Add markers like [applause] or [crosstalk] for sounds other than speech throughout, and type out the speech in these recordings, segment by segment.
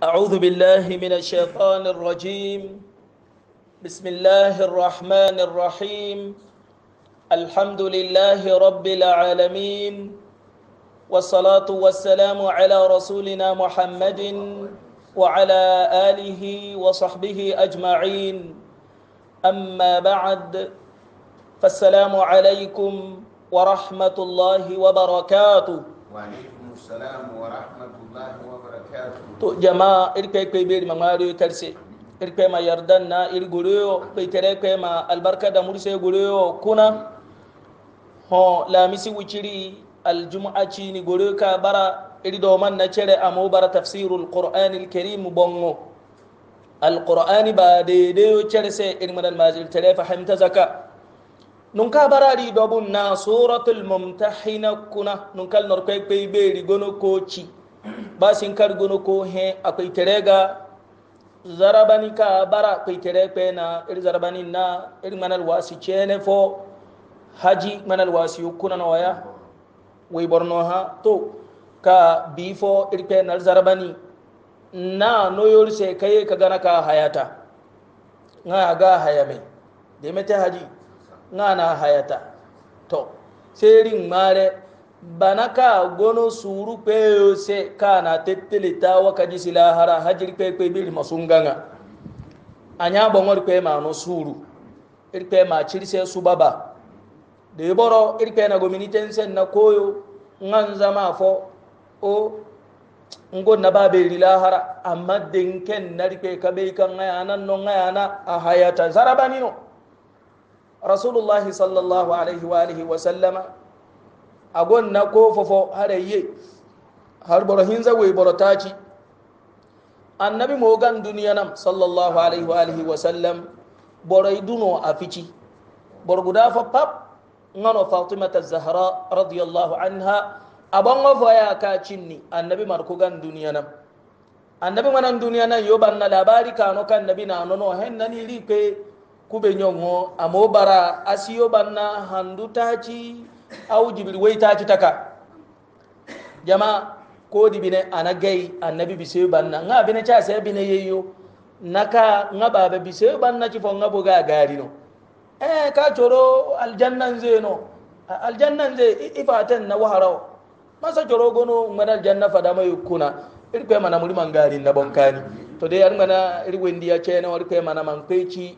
أعوذ بالله من الشيطان الرجيم بسم الله الرحمن الرحيم الحمد لله رب العالمين والصلاة والسلام على رسولنا محمد وعلى آله وصحبه أجمعين أما بعد فالسلام عليكم ورحمة الله وبركاته وعليكم السلام ورحمة الله وبركاته to jama irkwe kwe beri mamari karse irkwe ma yardan na ir gureyo kwe tere kwe ma albarka da murse gureyo kuna ho lamisi wuciri aljum'a cini gureyo ka bara iri doman na cere amo bara tafsirul qur'anil karim bongo alqur'ani ba daidai cere se irin madal majil tere fahimta zaka nunka barari dobun na suratul mumtahina kuna nunkal norkwe kwe beri ba sin kar gono ko he akwai terega zarabani ka bara akwai terekpe na iri zarabani na iri manal wasi chene fo haji manal wasi ukuna na waya wai borno ha to ka bifo iri pe na zarabani na no yori se kai ka gana ka hayata nga ga hayame demete haji nga na hayata to sai iri mare bana ka gono suru peyose ka na tetele ta wakaji silahara hajiri pe pe bili masunganga anya bongor pe ma no suru ir pe ma chirise subaba de boro ir pe na gomini tensen na koyo nganza ma fo o ngo na ba be lilahara amma denken na ri pe kabe kan ngaya nan no ngaya na a hayata zarabani no rasulullahi sallallahu alaihi wa alihi wa sallama agon na ko fofo harayye har boro hinza wey boro taci annabi mogan duniya nam sallallahu alaihi wa alihi wa sallam boray duno afici bor guda fa pap ngano az zahra radiyallahu anha abongo ya ka cinni annabi ko gan duniya nam annabi manan duniya nan yo banna labari kano kan nabi na nono hen nani ri pe kube nyongo amobara asiyo banna handu au jibril wai taka jama kodi bine ana gai annabi bise banna nga bine cha sai bine yeyo naka nga baba bise banna ci fo nga boga gari no eh ka choro aljanna nze no aljanna nze ifatan na waharao masa choro gono ngana aljanna fada mai kuna irkwe mana muri mangari na bonkani to dai ar mana irwendi ya iri irkwe mana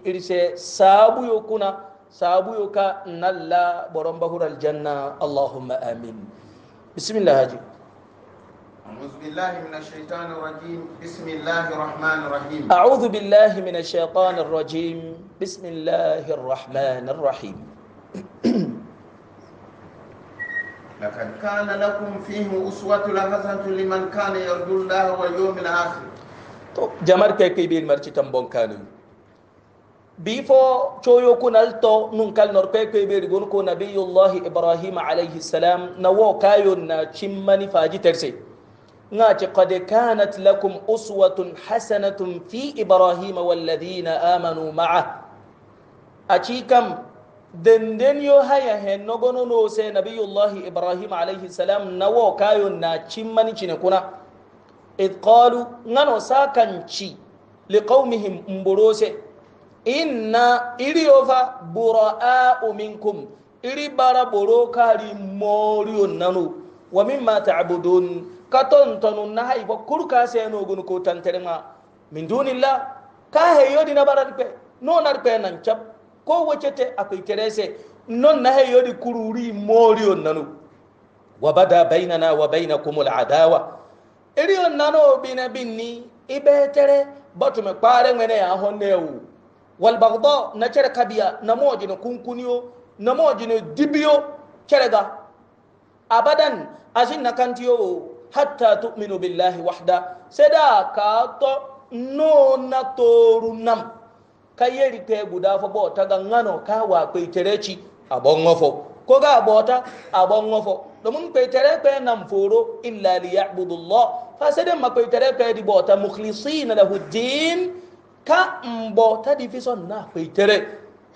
iri se sabu yo kuna سابوك نلا nalla boron الجنة اللهم آمين بسم الله haji أعوذ بالله من الشيطان الرجيم بسم الله الرحمن الرحيم أعوذ بالله من الشيطان الرجيم بسم الله الرحمن الرحيم [clears throat] لقد كان لكم فيه أسوة لحسنة لمن كان يرجو الله واليوم الآخر جمر كيبين مرشي تنبون كانوا bifo coyo kunal to nun kal norpe kweɓeri gon ko nabiyullahi ibrahima alayhi salam na wo kayon na cimmani faji terse ngace qad kanat lakum uswatun hasanatun fi ibrahima walladina amanu ma'a aci kam denden yo haya hen nogonono se nabiyullahi ibrahima alayhi salam na wo kayon na cimmani cine kuna id qalu ngano sakanci liqaumihim mborose inna iri yofa bura'a'u minkum iri bara boro kari moriyo nanu wa mimma ta'budun katon tonu na haifa kurka sai no gun ko tantare ma min dunillah ka heyo di na barar pe no nar pe nan chap ko wace te akai terese non na heyo di kururi moriyo nanu wa bada bainana wa bainakumul adawa iri nanu binabinni ibetere batume kware ngene ya honnewu walbagdo na cere kabiya na moji na kunkuniyo na moji na dibiyo kerega abadan asin na kantiyo hatta tu'minu billahi wahda seda ka to no na toru nam kayeri te guda fo bota ga ngano ka wa kai tereci abongo fo ko ga bota abongo fo domin kai tere kai nam foro illa liya'budu allah fa seda ma kai tere kai di bota mukhlisina lahu din ka mbo ta di fison na kwaitere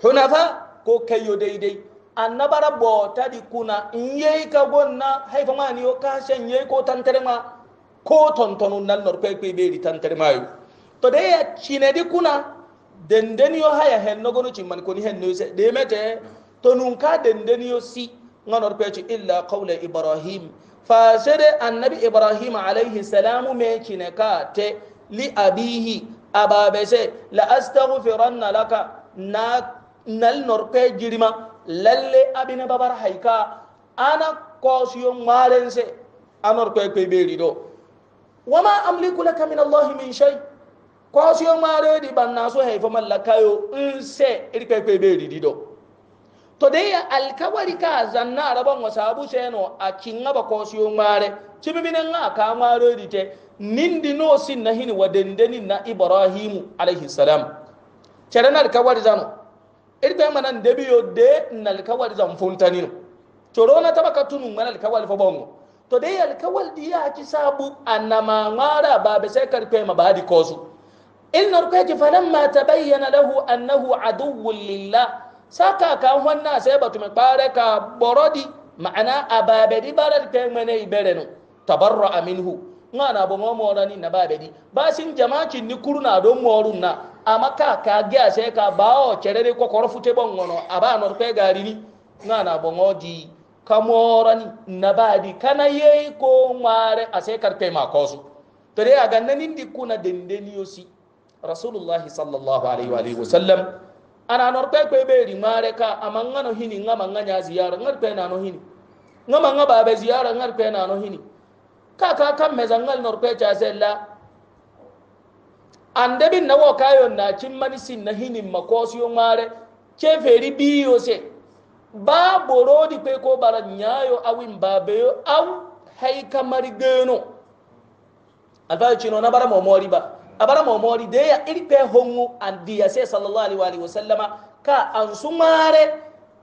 hunafa ko kayo daidai annabara bo ta di kuna in yayi ka gonna haifa ma ni ka shan yayi ko tantare ma ko tontonun nan nor pe pe beri tantare ma yo to de ya chine di kuna denden yo haya hen no gonu chimman ko ni hen no se de mete to nun ka denden yo si nganor ibrahim fa sede ibrahim alayhi salamu me chine ka li abihi ababese la astaghfiranna laka na nal norpe jirima lalle abina babar haika ana kosiyo malense anor pe pe beri do wama amliku laka min allahi min shay kosiyo mare di banna so haifa mallaka yo nse iri pe pe beri di do to dai alkawari ka zanna rabon wasabu seno a kinga kosiyo mare cibibinella ka marorite nindi no sinna hini wadendenin na ibrahimu alayhi salam cerenar kawari zano irbe manan debiyo de nal kawari zan funtanino corona taba ka tunu manal kawali fo bongo to dai alkawal diya ki sabu annama mara ba be sai karfe ma badi kosu in narko yake falamma tabayyana lahu annahu aduwwun lillah saka ka wannan sai batu me bare ka borodi ma'ana ababedi baral kai mene ibere no tabarra minhu nga na bo mo mora ni na babe di ba sin jamaci ni kuru na don moru na amaka ka ga se ka ba o cherere kokoro fute bon ngono aba no pe gari ni nga na bo ngodi kamora ni na badi kana ye ko mare ase karpe ma kosu to dai aga nan indi kuna dendeni yosi rasulullah sallallahu alaihi wa alihi wasallam ana no pe pe be ri mare ka amanga no hini nga manga nya ziyara ngar pe na no hini nga manga ba be ziyara ngar pe na no hini kaka kan mezangal norpe chasella andebin na wo kayo na chimmani sin na hinin makosiyo mare cheferi biyo se ba borodi pe ko bara nyayo awin babeyo aw hay kamari geno alfa chino na bara momori ba abara momori de ya iri pe hongu andiya se sallallahu alaihi wa ka ansumare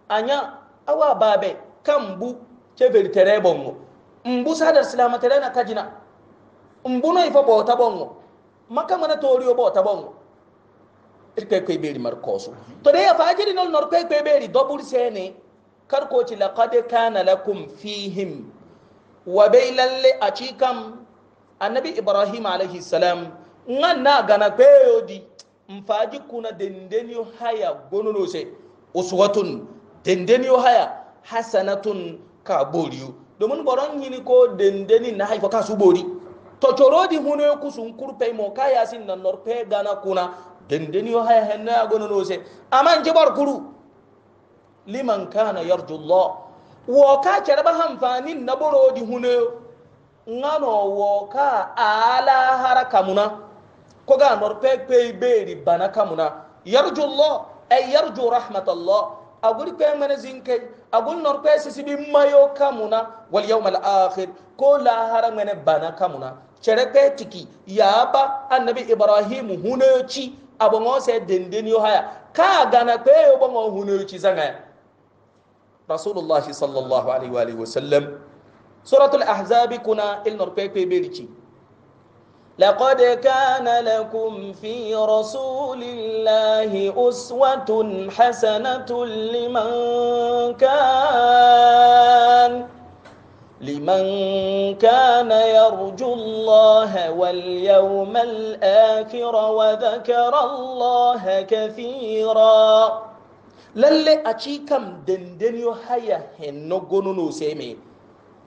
anya awa babe kambu cheferi terebongo mbu sadar silamatare na kajina mbu no ifo bota bongo maka mana toriyo bota bongo irkay koy beri mar koso to de ya fajiri nol nor koy koy beri dobul sene kar ko ci laqad kana lakum fihim wa baylalle achikam annabi ibrahim alayhi salam nganna gana kweyodi mfaji kuna dendeniyo haya gononose uswatun dendeniyo haya hasanatun kaboliyo domin boron yini ko dendeni na haifa kan su bori to corodi huno ku sun kurpe mo kaya sin nan norpe gana kuna dendeni yo haya henna gono no se aman jibar kuru liman kana yarju allah wo ka cerba hanfanin na borodi huno ngano wo ka ala haraka muna ko ga norpe pe beri bana kamuna yarju allah ay yarju rahmatallah agul kwe mana zinkai agul nor kwe sisi bi mayo kamuna wal yawmal akhir ko lahara mana bana kamuna chere kwe tiki ya ba annabi ibrahim hunoci abongo se denden yo haya ka gana kwe yo bongo hunoci zanga rasulullahi sallallahu alaihi wa alihi wasallam suratul ahzab kuna il nor kwe kwe berici لقد كان لكم في رسول الله أسوة حسنة لمن كان لمن كان يرجو الله واليوم الآخر وذكر الله كثيرا للي أشيكم دندن يحيى هنو قنونو سيمي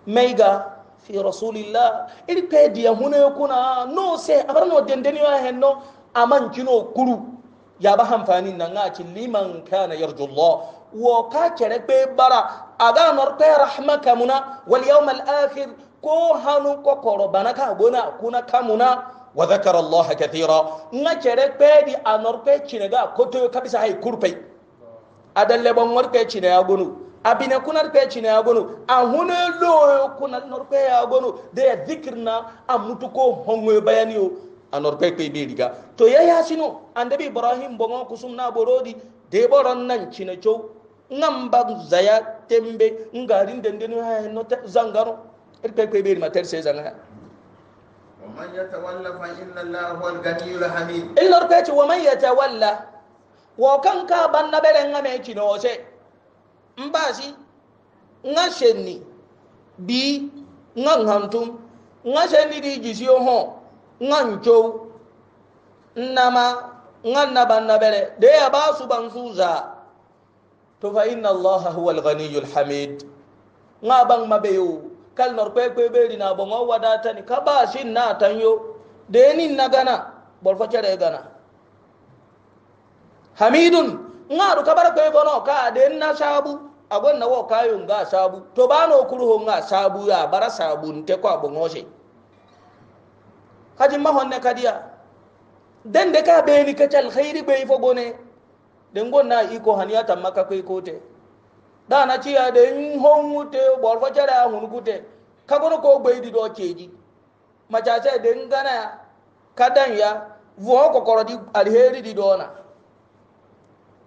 ميغا fi rasulillah iri pe diya hune kuna no se abar no dendeni wa henno aman kino kuru ya ba hanfani nan ga ci liman kana yarjullah wo ka kere pe bara aga nor pe rahmaka muna wal yawm al akhir ko hanu ko korobana ka gona kuna kamuna wa dhakara allah kathira nga kere pe di anor pe cinega koto kabisa hay kurpe adalle bon wor pe cinega gonu abina kunar pe chine agono ahune lo kunar nor pe agono de dhikirna amutu ko hongo bayani o anor pe pe be diga to ya ya sino andabi ibrahim bongo kusum na borodi de boron nan chine chow ngamba zaya tembe ngarin dendenu ha no zangaro er pe pe be ma ter se zanga ومن يتولى فإن الله هو الغني الحميد إلا ركعت ومن يتولى وكان كابن نبلن ما يجي نوسه mbasi nga shenni bi nga nghantum nga shenni di jisiyo ho nga nchow nama nga naba nabere de ya ba su ban suza to fa inna allah huwa al-ghaniyyul hamid nga bang mabeyo kalmar kwe kwe beri na bongo wadata ni kaba shin na tanyo de ni na gana bolfa chere gana hamidun ŋaru kabar kwe gono ka den na sabu agon na wo kayo nga sabu to bano kuruho nga sabu ya bara sabu nte kwa bongoshe kaji mahonne kadiya den de ka beni ka chal khairi be fo gone den gonna iko haniya tamma ka kwe kote da na ciya den honwute bor fo chara hun kute ka gono ko gbeidi do keji macha sai den gana kadan ya vuo kokoro di alheri di dona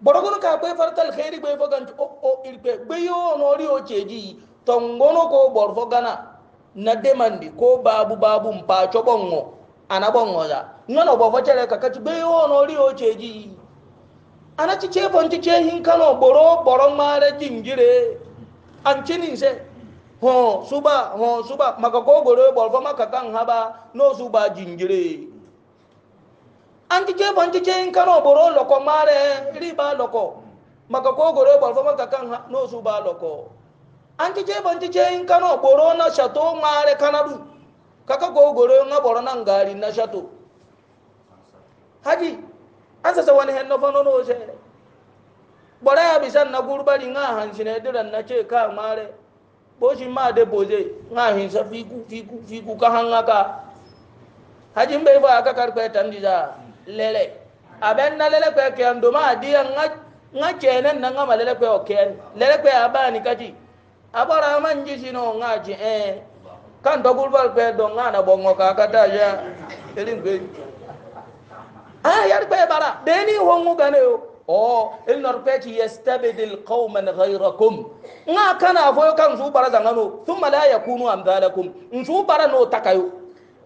borogun ka kwe fartal khairi kwe fogan o o irpe kwe yo nori o cheji tongono ko borfo gana na demandi ko babu babu mpa chobongo anabongo za ngano bofo chere ka kati kwe yo nori o cheji ana ci ce fonti ce hin kano boro boron mare jingire an cinin se ho suba ho suba maka ko goro borfo maka kan haba no suba jingire anjije bo anjije in kano boro loko mare riba loko maka ko gore bor fo maka kan no ba loko anjije bo anjije in kano boro na shato mare kanadu kaka ko gore na boro na ngari na shato haji an sasa wani hen no fo no no je bora ya bisan na gurbari nga hansine diran na ce ka mare boshi ma de boje nga hinsa fiku fiku fiku ka hanga ka haji mbe ba ka karpe tandiza lele aben na lele kwe ke ando ma dia nga nga chene na nga malele kwe oken lele kwe abani kati abara manji sino nga ji eh kan dogul bal kwe do nga na bongo ka kata ya elin kwe ah yar kwe bara deni hongu gane yo o ilnor kwe ki yastabidil qauman ghayrakum nga kana foyo kan su bara zangano thumma la yakunu amdalakum nsu bara no takayo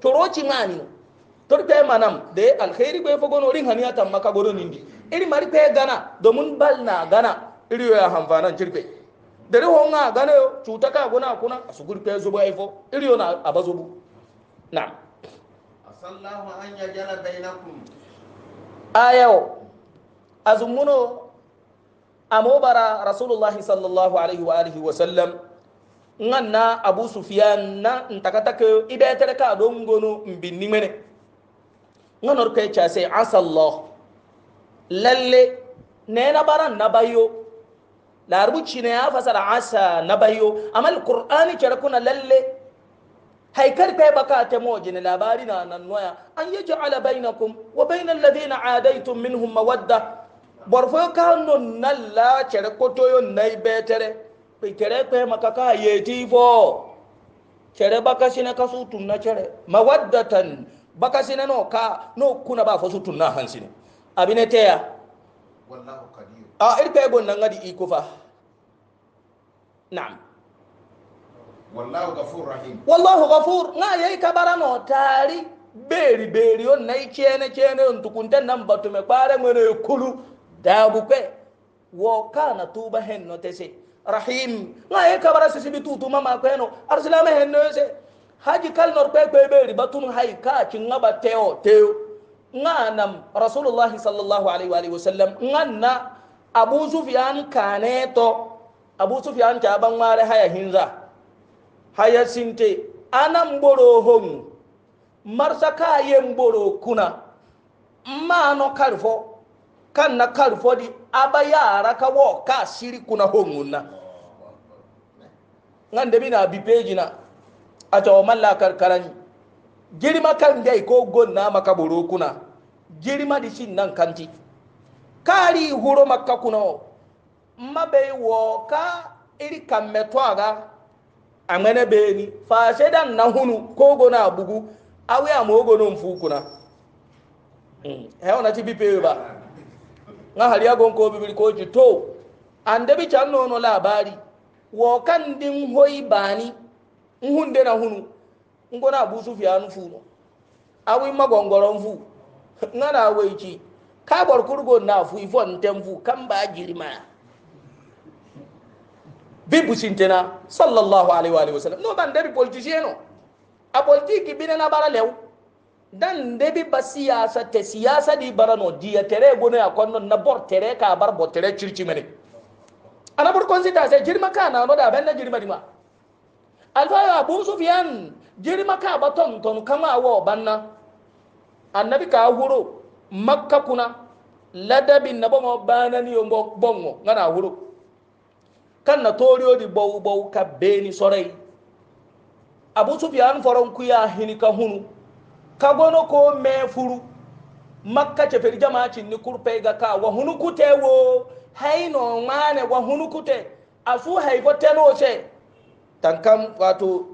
torochi ni. no torpe manam de alkhairi be fogono rin haniya tamma ka godo nindi iri mari pe gana domun balna gana iri yo hanfana jirbe dare honga gana yo cuta ka gona kuna asuguri pe zubu aifo iri yo na abazubu na asallahu an yajala bainakum ayo azumuno amobara rasulullahi sallallahu alaihi wa alihi wa sallam nganna abu sufyan na ntakatake ibetere ka do ngono mbinni mene ngonor ke chase asallah lalle nena baran nabayo larbuci ne ya fasara asa nabayo amal qur'ani kira kuna lalle haikar kai baka ta mojin labari na nan noya an yaj'ala bainakum wa bainal ladina adaitum minhum mawadda borfo ka non nalla kira kotoyo nai betere pitere kai makaka yeti fo kere baka shine kasu tunna kere mawaddatan bakasi na no ka no kuna ba fasu tunna hansini abine teya wallahu qadir a ah, irpe gon nan gadi iko fa na'am wallahu ghafur rahim wallahu ghafur na yayi kabara no tari beri beri on nay kene kene on tukunta nan batume kware ngene kulu dabu kwe wo kana tuba hen no tese rahim na yayi kabara sisi bitu tuma ma kweno arsalama hen no se haji kalnor kwe kwe batun haika tun hay ka ngaba teo teo nganam rasulullah sallallahu alaihi wa alihi wasallam nganna abu sufyan kaneto abu sufyan ta ban mare haya hinza haya sinte anam boro hon marsa ka yen boro kuna ma no karfo kan na karfo di abayara ka wo ka siri kuna honunna ngan debi na bi page ato malla karkaran girma kan dai ko gonna maka boro kuna girma di shin nan kanti kari huro makka kuna, mabe wo ka iri kamme to aga amene beni fa shedan na hunu ko gona bugu awe amogo no mfu kuna mm. he ona ti bipe ba nga hali agon ko bibiri ko jito ande bi chan no no labari wo kan din hoyi bani nhunde na hunu na abu sufyan funo awi magongoro mfu [laughs] ngana aweji ka bor kurgo na fu ifo ntemfu kamba jirima bibu sintena sallallahu alaihi wa alihi wasallam no dan debi politiciano a politiki bine na bara lew dan debi ba siyasa te siyasa di bara no diya tere gona ya konno na bor tere ka bar bo tere chirchi mene ana bor consider se jirma kana no da ben na jirma di ma alfaya abu sufiyan jiri maka ba tonton kama wa banna annabi ka huro makka kuna ladabin na bongo bana ni yombo bongo na huro kan na toriyo di bow bow ka beni sorai abu sufiyan foron kuya hini ka hunu ka gono ko me furu makka ce feri jama'a cin ni kurpe ga ka wa hunu kute wo haino mane wa hunu kute asu haifo teno ce tankam wato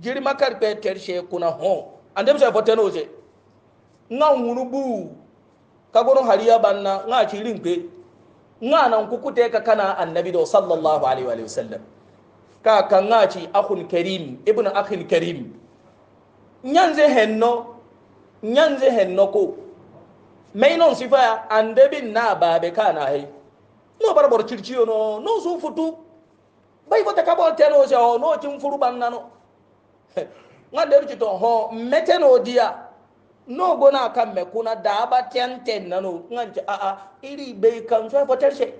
jirma karpe tershe kuna ho andem se poteno se nga hunu bu kagono hariya banna nga cirin pe nga nan kukute ka kana annabi do sallallahu alaihi wa sallam ka kan nga ci akhun karim ibnu akhin karim nyanze henno nyanze henno ko mainon sifa andebin na babe kana hai no barbor circiyo no no su futu bai fota kabo teno se o oh, no tin furu bannano nga deru ci to ho meteno dia no gona kan me kuna da ba tenten nano nganci a ah, a ah, iri bai kan so fotar she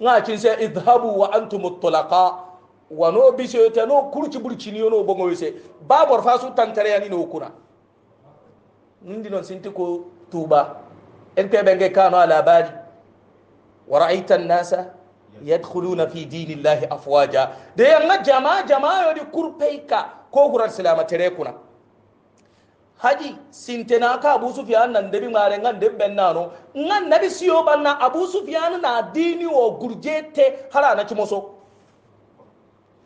nga cin se idhabu wa antum tulaqa wa no bi se te no kurci burci ni no bongo se babor fa su tantare ani no kuna nindi non sinti ko tuba en ke benge kano ala bali wa ra'aita an-nasa yadkhuluna fi dinillahi afwaja da yanga jama jama yodi kurpeika ko gurar silama tere kuna haji sintena ka abu sufyan nan debi mare ngan debben nano ngan nabi siyo banna abu sufyan na dini wo gurjete hara na chimoso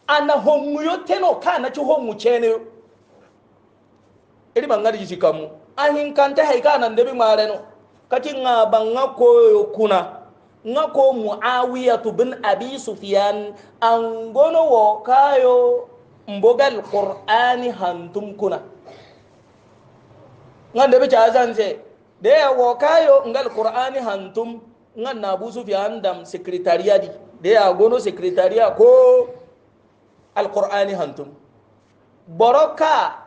ana honguyo teno ka na chi hongu chene iri bangari jikamu ahin kanta haika nan debi mare no kati nga banga koyo kuna nga ko muawiyatu bin abi sufyan an gono wo kayo mbogal qur'ani hantum kuna nga debe cha zanze de wo kayo ngal qur'ani hantum nga na abu sufyan dam secretariat di de ya gono secretariat ko al qur'ani hantum boroka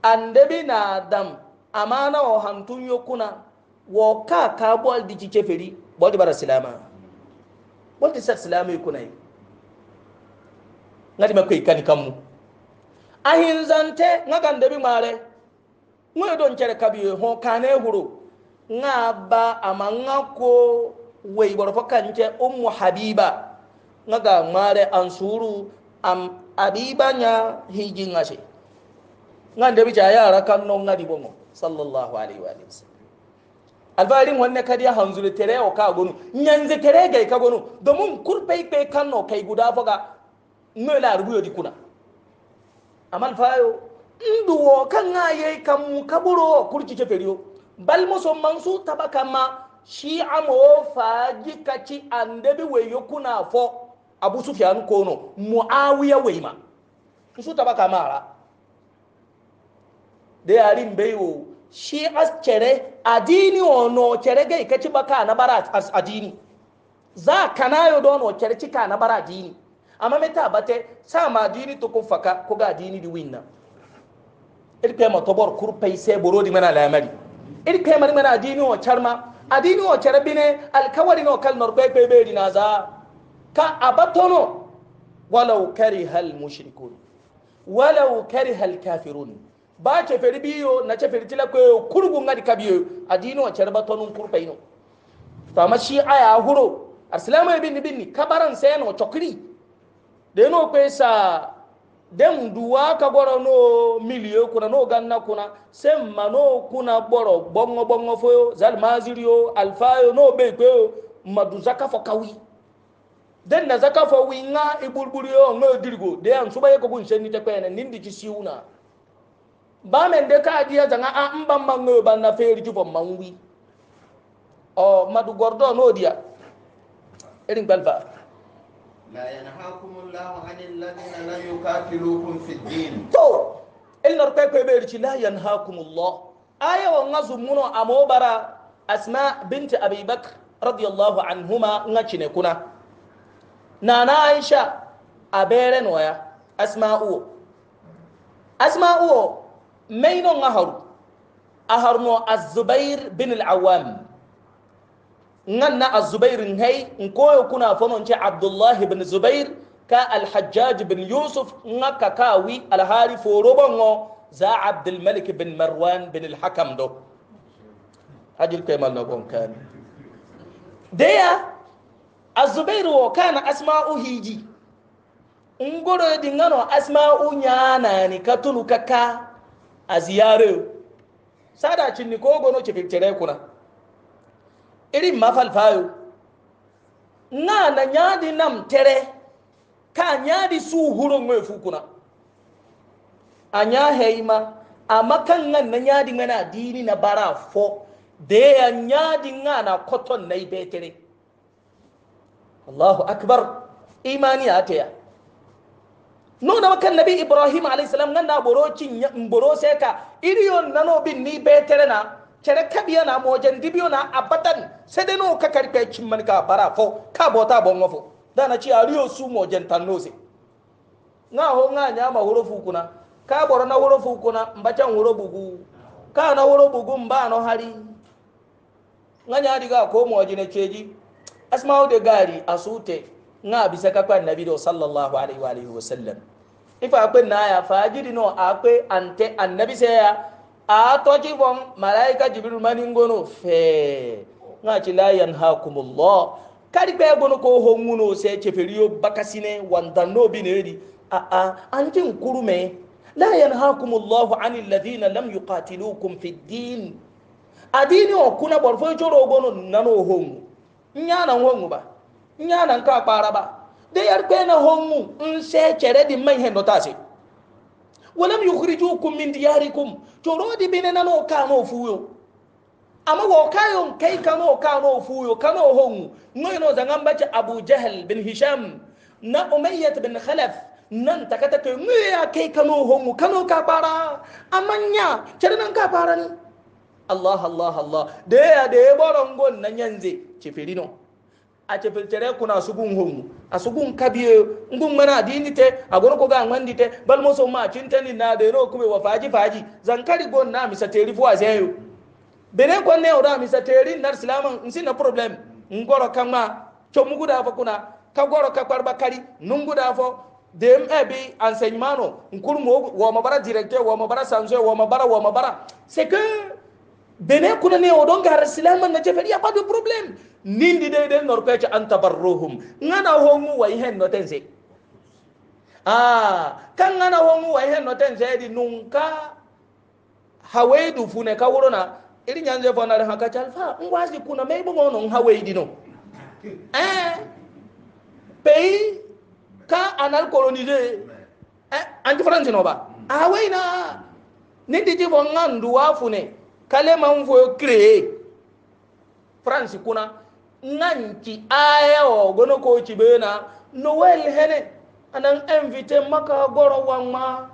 andebi na dam amana wo hantum yokuna wo ka ka bol di bol di bara silama bol di sat silama kunai ngadi ma kai kani kamu ahin zante ngagan debi mare ngwe don chere kabi ho kane huru nga ba ama nga ko wei boro fo kanche ummu habiba ngaga mare ansuru am abibanya hiji ngase nga debi cha yara kanno ngadi bongo sallallahu alaihi wa sallam alfari wannan kariya hanzuri tere o ka gonu nyanze tere gai ka gonu domin kurpe pe kanno kai guda foga no la rubuyo di amal fayo nduwo kan aye kam kaburo kurci ce feriyo bal muso mansu tabaka ma shi amo faji kaci andebi weyo kuna fo abu sufyan kono muawiya weima su tabaka mara de ari mbeyo shi as cere adini ono cere ga ikaci baka na bara as adini za kanayo don o cere cika na bara adini amma meta bate sa ma adini to kun faka ko ga adini di winna irpe ma tobor kurpai sai borodi mana lamari irpe ma mana adini o charma adini o cere bine alkawari no kal norbe bebe dina za ka abatono walau kariha al mushrikun walau kariha al kafirun ba ceferi biyo na ceferi tila ko kurgu ngadi kabiyo adino a cerba tonun kurpaino to amma shi aya huro arsilama bin bin kabaran sai no chokri de no pesa dem duwa ka goro no miliyo kuna no ganna kuna sem mano kuna boro bongo bongo fo zal mazirio alfayo no be ko maduzaka fo kawi den na zaka winga ibulburiyo no dirgo de an subaye ko gun sen ni te pene nindi ci siuna Ah, ba men de ka diya zanga a n ban man na feeri jufo man wi o madu gordo no dia. irin gbalfa la yanhaakum llahu an alladina lam yukatilukum fi ddin to ilnar kwe kwe beeri ci la yanhaakum aya wa ŋa zummuno amo asma binti abi bakr radiyallahu anhuma ŋa cine kuna nana aisha a beere noya asma'uwo asma'uwo مينو نهر أهرنو الزبير بن العوام نن الزبير نهي نكو كنا فنون عبد الله بن الزبير كا الحجاج بن يوسف نكا كاوي الهاري فوروبونغو زا عبد الملك بن مروان بن الحكم دو كي كيمال نقوم كان ديا الزبير وكان أسماء هيجي ngoro di ngano asma'u nyanani katunu kaka a ziyare sada cinni ko gono ci fiktire kuna irin mafalfayo na na nyadi nam tere ka nyadi su huro ngwe fu kuna anya heima amma kan nan na nyadi mana dini na bara fo da ya na ngana koton na ibetere Allahu akbar imani ataya no na kan nabi ibrahim alayhi salam nganda boro cin boro seka iriyo nano bin ni betere na cere kabiya na mojen dibiyo na abatan sai dai no ka karfe cin man ka bara fo ka bota bongo fo dana ci ariyo su mojen tannose nga ho nga nyama horofu kuna ka boro na horofu kuna mbacan horobugu ka na horobugu mba no hari nga nya diga ko mojine ceji asma'u de gari asute nga bisa kakwa nabi do sallallahu alaihi wa alihi wa sallam ifa pe na ya fajiri no a pe ante annabi sai ya a to ci bon malaika jibril manin gono fe nga ci la yanhakumullah kari pe gono ko ho nguno sai ce feriyo bakasine wanda no bi ne ri a a an tin kurume la yanhakumullahu anil ladina lam yuqatilukum fid din adini o kuna borfo joro gono nano ho nya na ho ba nya na nka kpara ba de yar bena hongu nse chere di man the notase walam yukhrijukum min diyarikum choro di bene nano kano fuyo ama wo kayon kai kano kano fuyo kano hongu ngoyno zangamba cha abu jahl bin hisham na umayyah bin khalaf nan takata to ngoya kai kano hongu kano ka bara chere nan ka allah allah allah de ya de borongon nan yanze cheferino a kuna sugun hongu asugun kabiye ngun mana adini te agono ko ga ngandi te bal so ma cintani na de ro kube wa faji faji zankari gon na mi sateri fu azeyo bere ko ne ora mi sateri nar islaman nsi na problem ngoro kama chomugu da fa kuna ka goro ka kwarba kari nungu da fa dem e bi enseignement no nkurmo wo mabara directeur wo mabara sanzo wo mabara wo mabara c'est que bene kulane o don gara silaman na jeferi ya problem. de problème nindi de de norpece anta barruhum ngana hongu wa ihen no tense ah kan ngana hongu wa ihen no tense di nunka hawedu fune ka worona iri je fona re haka chalfa ngwazi kuna meibo ngono hawedi no eh pays ka anal coloniser eh anti france no ba ah we na nindi jifo ngandu wafune kaleman foyo créé france kuna nanci aya o gono ko cibena noel hene anan invité maka goro wanma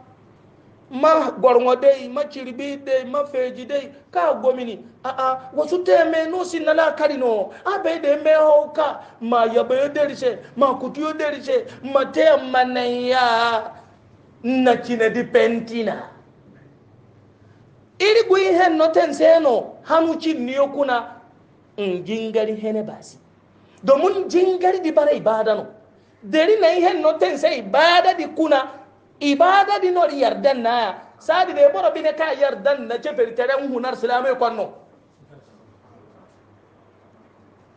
ma gorŋo dei ma cirbi dei ma feeji dei ka gomini a-a ah, ah, wasu teme no sinnala karino a be de meho ka ma deri se ma kutuyo derise ma teya manaya na cinedi pentina irigui hen no ten seno hanuci niyo kuna in jingari hene basi domin jingari di bara ibada no deri na hen no ibada di kuna ibada di no yardan na sadi de boro bine ka yardan na ce feritere hunar silamai kwanno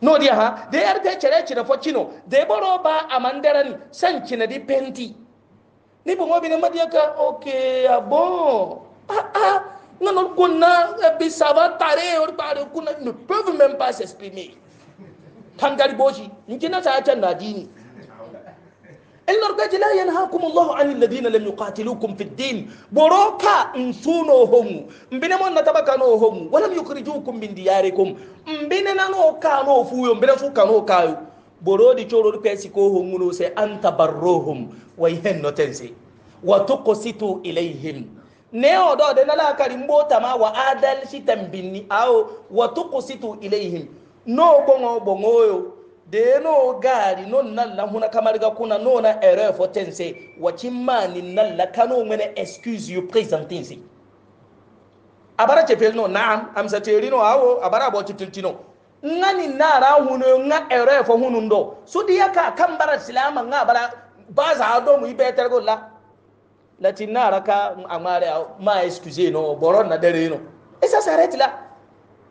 no dia ha de yarte chere chere fo chino de boro ba amandaran san china di penti ni bo mo bine madiaka okay abon ah ah Non, ça va tarer, ils ne peuvent même pas s'exprimer. Tangari boji, nkina sa acha na dini. إن الرجاج لا ينهاكم الله عن الذين لم يقاتلوكم في الدين بروكا انسونوهم مبين من نتبكنوهم ولم يخرجوكم من دياركم مبين نانو كانو فويو مبين سو كانو كايو برودي تشورو بيسي كوهم نو سي انت بروهم ويهن نوتنسي وتقسطوا إليهم ne odo de lala kari mbota ma wa adalci tambinni awo wa tuqsitu ilaihim no bongo oyo de no gari non nalla huna kamar ga kuna no na erreur fo tense wa cimma ni nalla kano mene excuse you presentense abara chepel no na'am amsa terino awo abara bo titiltino ngani nara hunu nga erreur fo hunundo sudi yaka kambara silama nga bara baza adomu ibetergo la lati na raka amare ma excuse no boron na dare no isa saret la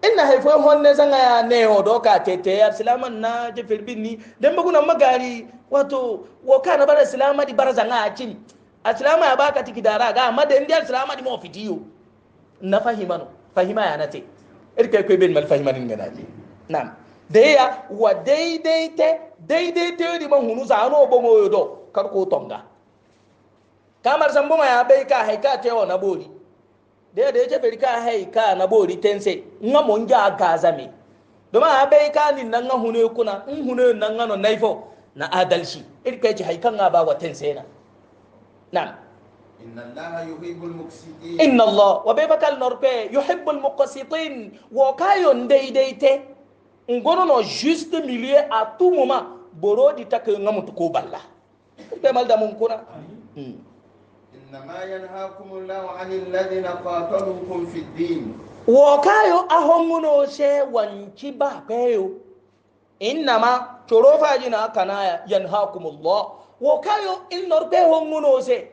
inna haifo honne sanga ya ne odo ka tete ya silaman na je firbini dan baguna magari wato wo kana bara silama di bara zanga acin asilama ya baka tiki dara ga amma da ndiya silama di mo fidiyo na fahimano fahima ya nate irke ko ben mal fahimanin ngana ji na'am da ya wa daidai te daidai te di man hunu za no bongo yodo kar ko tonga kamar san buma ya bai ka haika cewa na bori da da yake bari ka haika na bori tense nga mon ja gaza me doma ya ka ni nan hune kuna in hune nan ngano naifo na adalci irka ji haikan nga ba wa tense na na inna Allah yuhibbul muqsitin inna allah wa bai bakal norpe yuhibbul muqsitin wa kayon daidaite ngono no juste milieu à tout moment borodi takke nga ko balla be mal da mun kuna إنما ينهاكم الله عن الذين قاتلوكم في الدين wokayo ahonguno se wanci ba peyo innama corofajina kanaya yanhakumullah wokayo ilnor pe honguno se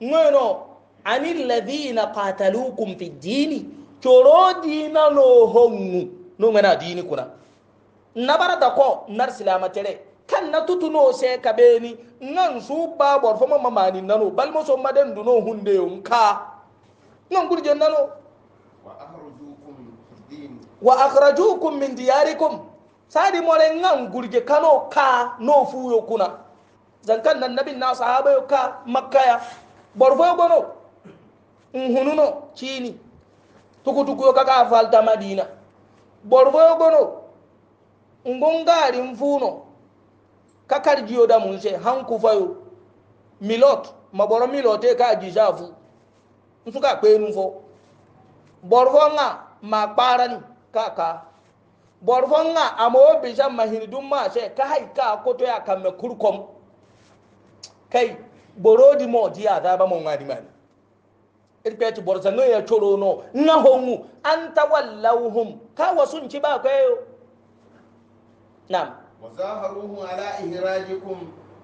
ŋono ani ladina qatalukum fi dini coro dina no hongu no ŋena dini kuna nabarata ko nar silamatere kan na tutuno se kabeni nan su ba bor fo mama mani nano bal mo so maden duno hunde on ka nan gurje nano wa akhrajukum din wa akhrajukum min diyarikum sadi mole nan gurje kano ka no fu yo kuna zankan nan nabin na sahaba yo ka makkaya bor fo gono nhununo chini tukutuku yo kaka falta madina bor fo gono ngongari mfuno kakar jiyo da mun se hanku milot maboro milote ka jisa fu nsuka pe nu fo borfo nga ma kpara kaka borfo nga amo bisa mahiri dum ma se ka hai ka koto ya kamme kurkom kai borodi mo di ba mo ngadi mani irpe borza no ya choro no na hongu anta wallahum ka wasun ci ba kayo na'am wa zaharuhum ala ihrajikum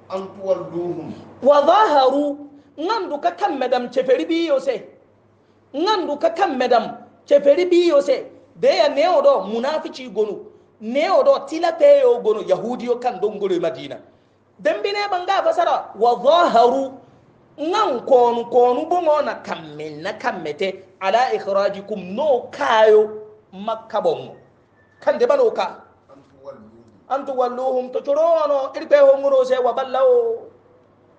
an tuwalluhum wa zaharu nan duka kan madam ceferi biyo se nan duka kan madam ceferi biyo se da ya ne odo munafici gonu ne odo tilate yo gonu yahudiyo kan dongore madina dan bine banga fasara wa zaharu nan konu konu bongo na kammel na kammete ala ikhrajikum no kayo makkabon kan de ka. antu walluhum to corono irpe hongoro se waballawo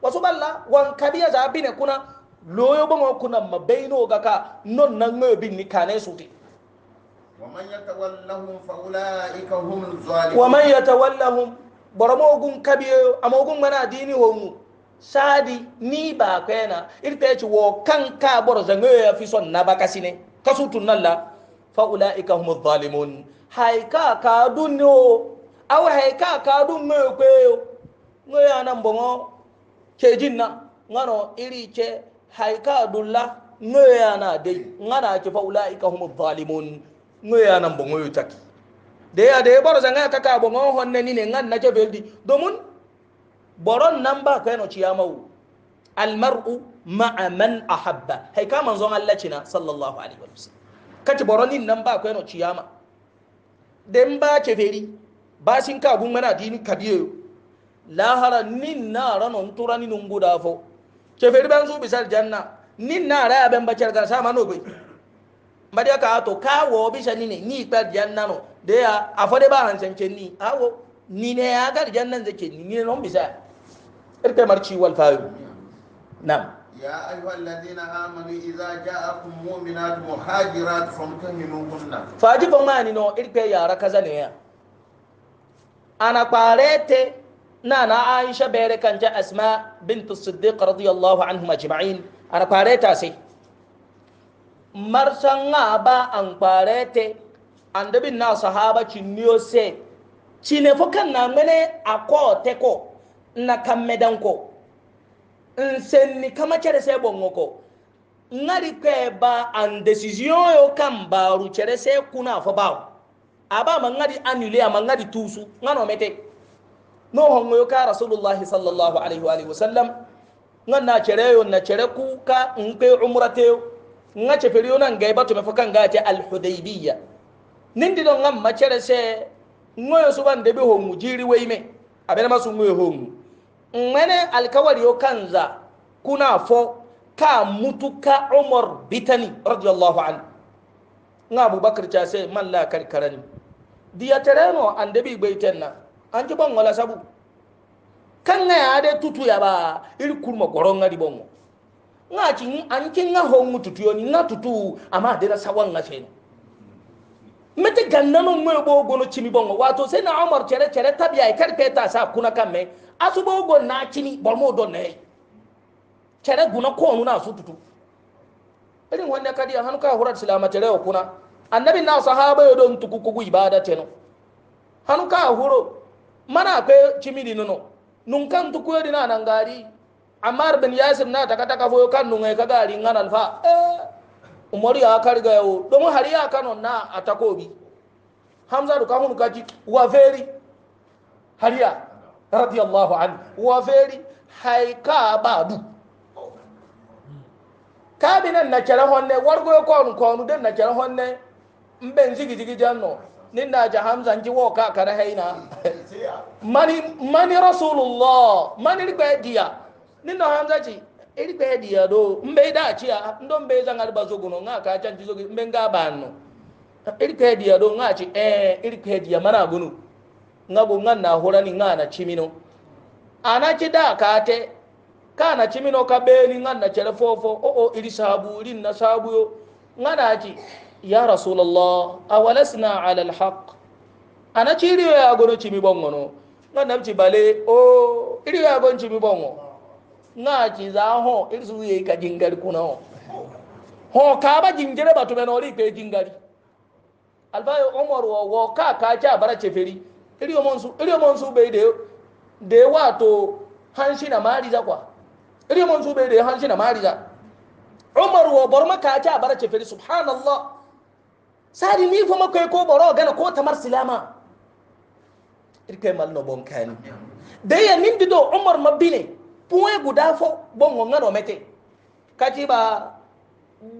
wasu balla wan kabiya za bine kuna loyo bongo kuna mabaino gaka non nangoyo binni kane suti waman yatawallahum fa ulaika humul zalimun waman yatawallahum boromo gun kabiyo amogun mana dini wongu sadi ni ba kwena irpe ci wo kanka boro zangoyo ya fi son na bakasine kasutun nalla fa ulaika humul zalimun haika ka dunno awa hay ka ka dum me ko yo ngo ya nan bongo ke jinna ngano iri ke hay ka dulla ngo ya na dai ngana ke fa ulaika humuz zalimun ngo ya nan bongo yo taki da ya da ya baro zanga ka ka bongo honne ni ne ngan na beldi domun boron nan ba kai no ciyamau almar'u ma'a man ahabba hay ka manzon Allah cina sallallahu alaihi wasallam kace boronin nan ba kai no ciyama den ba ke feri basin ka gun mana dini kabiye lahara nin nara non tura ni nun guda fo ke feri ban su bisal janna nin nara ya ban bacar kan sama no bai mbadi aka to ka wo bisa ni ne ni ikpa janna no de ya afode ba han san kenni awo ni ne ya ga janna zake ni ne non bisa irka marci wal fayu na'am يا أيها الذين آمنوا إذا جاءكم مؤمنات مهاجرات فامتحنوهن فاجب ما نينو إركي يا ركزني ana kparete na na aisha bere kan ja asma bint siddiq radiyallahu anhum ajma'in ana kpareta sai marsanga ba an kparete andabin na sahaba cinniyo se cine fo kan na mene ako teko na kammedan ko nsenni kama chere se bongo ko ngari kwe ba an decision yo kan baru chere se kuna fo bawo aba mangadi annulé amangadi tuusu ngano mete no hongoyo ka rasulullahi sallallahu alaihi wa alihi wasallam nga na cereyo na cere ku ka npe umra teyo nga ceferiyo na ngai batu me foka nga te al hudaybiya nindi do nga macere se ngoyo suba ndebe hongu jiri weime abena masu ngoyo hongu ngmene alkawari yo kanza kuna fo ka mutu ka umar bitani radiyallahu anhu nga abubakar ta se man la karkarani diya tereno ande bi gbe tenna anje bon wala sabu kan na ya de tutu ya ba iri kurma goronga di bongo nga ci anke nga ho mututu yoni na tutu ama de na sawan nga sen mete gannano mwe bo gono chimi bongo wato sai na Umar chere chere tabiya e kar peta sa kuna kamme asu bo go na chini bormo do ne chere guna ko nu na su tutu irin wanda kadi hanu ka hurat silama chere kuna annabi na sahaba yo don tukukugu ibada teno hanu ka huro mana kwe chimidi nono nun kan tukuyo na nangari amar ammar bin yasir na taka taka foyo kan nun ka gari nganan fa eh umari ya karga yo don hari ya kanon na atakobi hamza du kahun kaji wa veri hariya radiyallahu an wa veri haika babu kabinan na kere honne wargo ko konu den na kere honne mbe nzigizigi janno ninda jahamza nji wo ka kana heina mani mani rasulullah mani rigbe diya ninda hamza ji rigbe e dia do mbe da ciya ndo mbe zangar bazoguno nga ka can ci zogi mbe nga banno rigbe diya do nga ci eh rigbe e dia mana gunu nga go nga na horani nga na chimino ana ci da ka te kana chimino ka beni nga na chere fofo o o iri sabu iri na sabu yo nga na ci ya rasulallah awalasna ala alhaq ana ci iri ya gono ci mi bongo no nga nam ci bale o iri ya gon ci mi bongo nga ci za ho irsu ye ka jingari kuna ho ho ka ba jingere ba to men ori pe jingari albayo umar wa wo ka ka ca bara ce feri iri o monsu iri o monsu be de de wato hanshi na mari za kwa iri o monsu be de hanshi na mari za umar wa borma ka ca bara ce subhanallah sadi ni fo makoy ko boro gana ko tamar silama irkay mal no bon kani de ya nindi do umar mabine point guda fo bongo ngano mete kati ba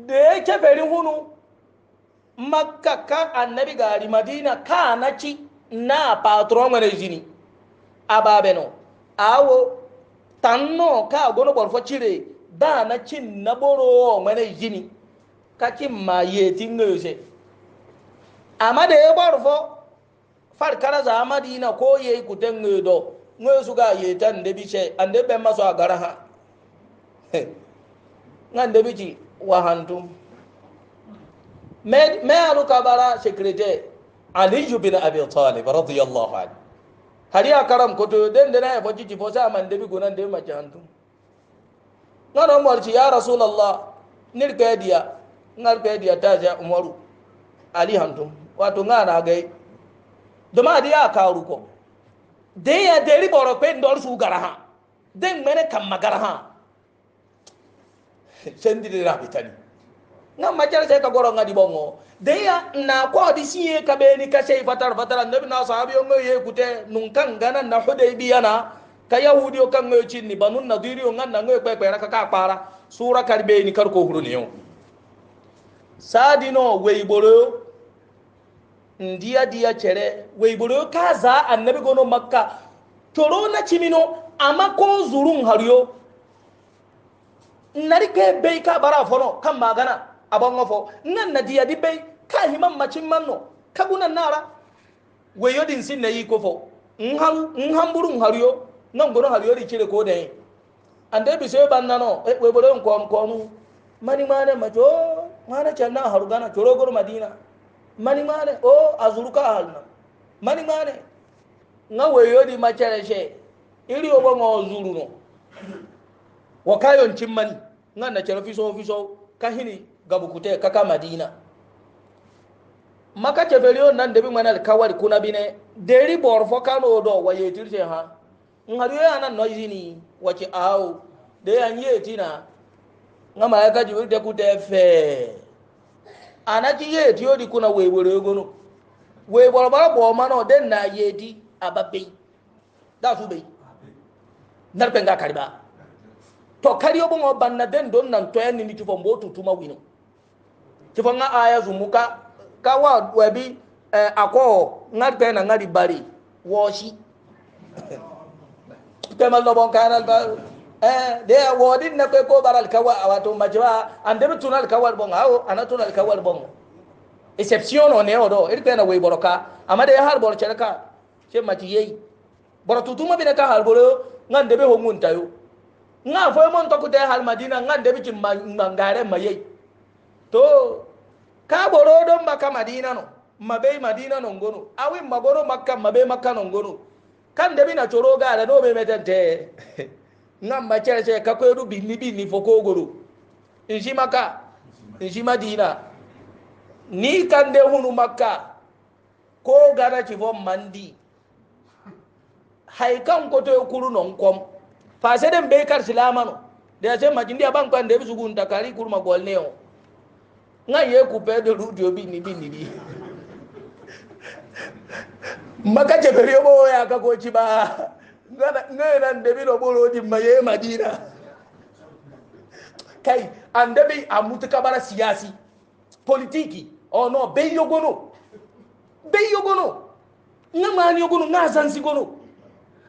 de ke ferin hunu makka ka annabi gari madina ka na ci na patron ngare jini ababe no awo tanno ka gono bor fo cire da na cin na boro ngare jini kati ma yeti ngoyose amma da ya bar fo far kana za madina ko yayi kuten ngedo ngoyo suga yetan de biche ande be maso agara ha ngan de bichi wahantum me me alu kabara secrétaire ali bin abi talib radiyallahu anhu hari akaram koto den den ay fojji fo sa man de bi gonan de ma jantum ngano morci ya rasulullah nir kadiya taja umaru ali hantum wato [laughs] nga na gai doma di ya karu ko de ya de ri boro pe ndor su gara ha den mene kam magara ha sendi de rabitani nga majar sai ka goro nga di bongo de ya na ko di siye ka be ni ka sai fatar fatar Nabi na sahabi yo ngoye kute nun kan gana na hudaybiya na ka yahudi o kan ngoye chinni banun nadiri o ngan na ngoye kwe kwe ka ka para sura karbe ni kar ko huru ne yo sadino weiboro ndiya diya cere wey boro kaza, za annabi gono makka toro na chimino, amma ko zurun haryo nari ke bai ka bara fono kan magana abon wafo nan na diya di bai ka himan macin manno ka gunan nara wai yodin sin na yi kofo in hamburun haryo nan gono haryo di cire ko da yi an dai bisoyi ban nano eh, wai boro yin mani mana majo mana can harugana toro goro madina mani mane o azuruka halna mani mane nga yodi macerece iri obo nga zuruno wa kayon cimmani nga na cere fiso fiso kahini gabukute kaka madina maka cefeliyo nan debi ngana alkawari kuna bine deri borfo kano do wa yetirce ha ngariyo yana noizini wace au de yan yetina nga malaika jibril kute fee anaki yeti di kuna webore yogono webore bara bo mano den na yeti ababe da su be narpe nga kariba to kariyo bo ngo banna den don nan to yanni ni tifo mbotu tuma wino tifo nga aya zumuka kawa webi eh, ako ngarpe na ngari bari woshi [laughs] temal no bon kanal ba Eh, de wodin na kwe ko baral kawa wato majma an debi tunal kawal bon hawo ana tunal kawal bon exception on ne odo irte na wey boroka amma de har bor cerka ce mati yei boro tutuma bi na ka har boro ngan debi ho mun tayo nga fo mon to kute hal madina ngan debi ci mangare ma yei to ka boro don maka madina no mabe madina no ngono awi magoro makka mabe makka no ngono kan debi na choro gara no be metente [laughs] nan macere sai ka kweru bini billi fokogoro in shi maka in madina ni kan dai hunu makka ko gara ci mandi haikan ko to kuru non kom fa sai den kar silamano da sai majin dia ban kan da bisu gun takari kurma golne o ye ku pe de rudio bi ni bi [laughs] maka je bere yo ya ka ko ngenan debi ɗo ɓoroji maye madina kai andebi a mutuka bara siyasi politiki oh no bei yogono bei yogono nga mani yogono nga zansi gono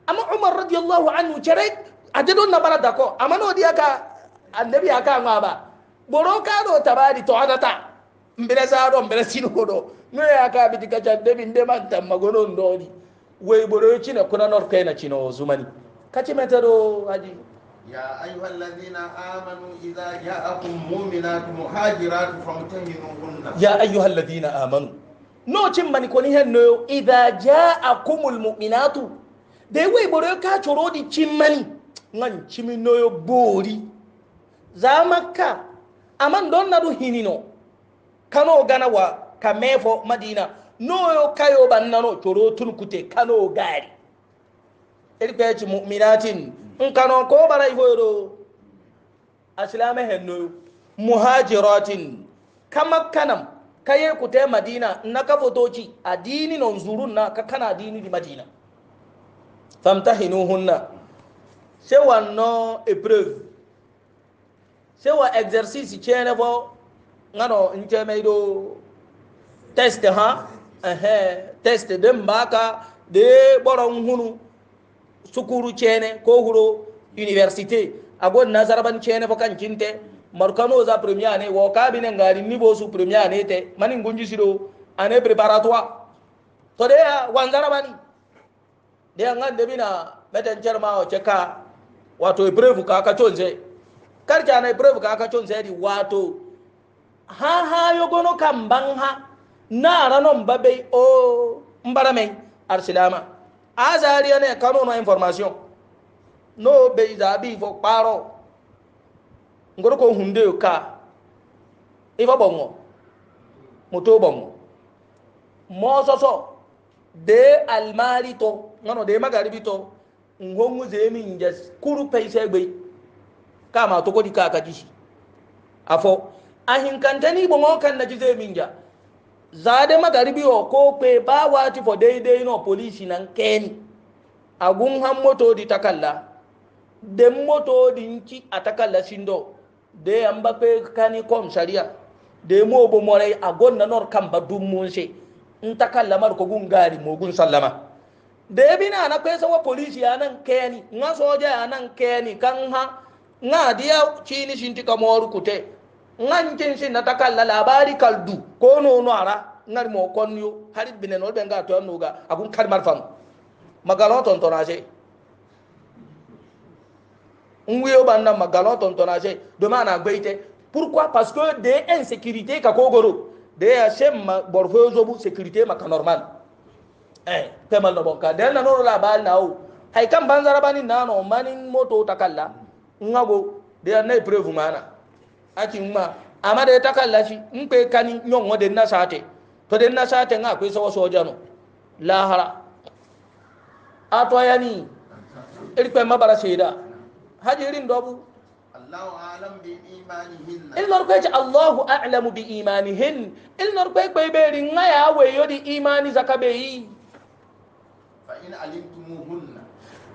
amma umar radiyallahu anhu cere ade na bara dako amma no di aka andebi aka nga ba boro ka do tabadi to anata mbere sa do mbere sino do no ya ka bitika cande bi ndeman tamma gono ndoni wey boro chine kuna nor kaina chino zumani kachi metado haji يا أيها الذين آمنوا إذا جاءكم مؤمنات مهاجرات فامتحنوهن يا أيها الذين آمنوا no cin mani koni hen no idha ja'akumul mu'minatu de we boro ka choro di cin mani ngan cimi noyo bori za makka aman don na du hinino kano gana wa kamefo madina noyo kayo bannano coro tunkute kano gari irpeci mu'minatin in kano ko bara ihoyro asilame henno muhajiratin kama kanam kaye kute madina na ka adini non zurun na ka kana adini di madina famtahinuhunna se wanno épreuve se wa exercice cene fo ngano ncemeydo test ha test din baka de boron hunu sukuru cene ko huro université agon nazarban cene fo kan cinte markano za premier ne wo kabine ngari nibo su premier ne te manin gunji siro ane préparatoire to de wanzarabani de ngan de bina meten cerma o ceka wato epreuve ka ka chonze karja na epreuve ka ka chonze di wato ha ha yogono kamban ha nara non babe o oh, mbara mai arsilama azariya ne kano na information no be zabi fo paro ngoro ko hunde ka ifo bongo moto bongo mo soso de almari to ngano de magaribi to ngongu zemi nje kuru paisa gbe kama to ko di ka ka dishi afo ahinkantani bongo kan na ji zemi nja zade magaribi o ko kpe ba wati fo deidei no polisi nan keni agun han motodi takalla den motodi nci a takalla sindo de yamba kpe kani kom sharia de mobo morai a gonna nor kamba dummunse n takalla mar ko gun gari mogun sallama de bina na kpe sawa polisi a nan keni nga soja a nan keni kan ha nga diya chini sinti kamoru kute ngan jinsi na takalla labari kaldu ko no no ara ngar mo konyo hari binen olbe nga to no ga agun kar marfam magalo ton ton aje nwiyo banda magalo ton ton aje do mana gbeite pourquoi parce que des insécurité ka kogoro de ya shem borfo zo bu sécurité maka normal eh temal no bonka de na no labari na o hay kan banzara bani na no manin moto takalla ngago de na preuve mana akin ma amma da ya taka lafi in kai kani yon wa na sate to den na sate nga akwai sawa soja no lahara ato yani irpe mabara sheda haji irin dobu Allahu a'lam bi imanihin il nor kwai Allahu a'lam bi imanihin il nor kwai kwai be rin nga ya we yo di imani zakabe yi fa in alimtumuhunna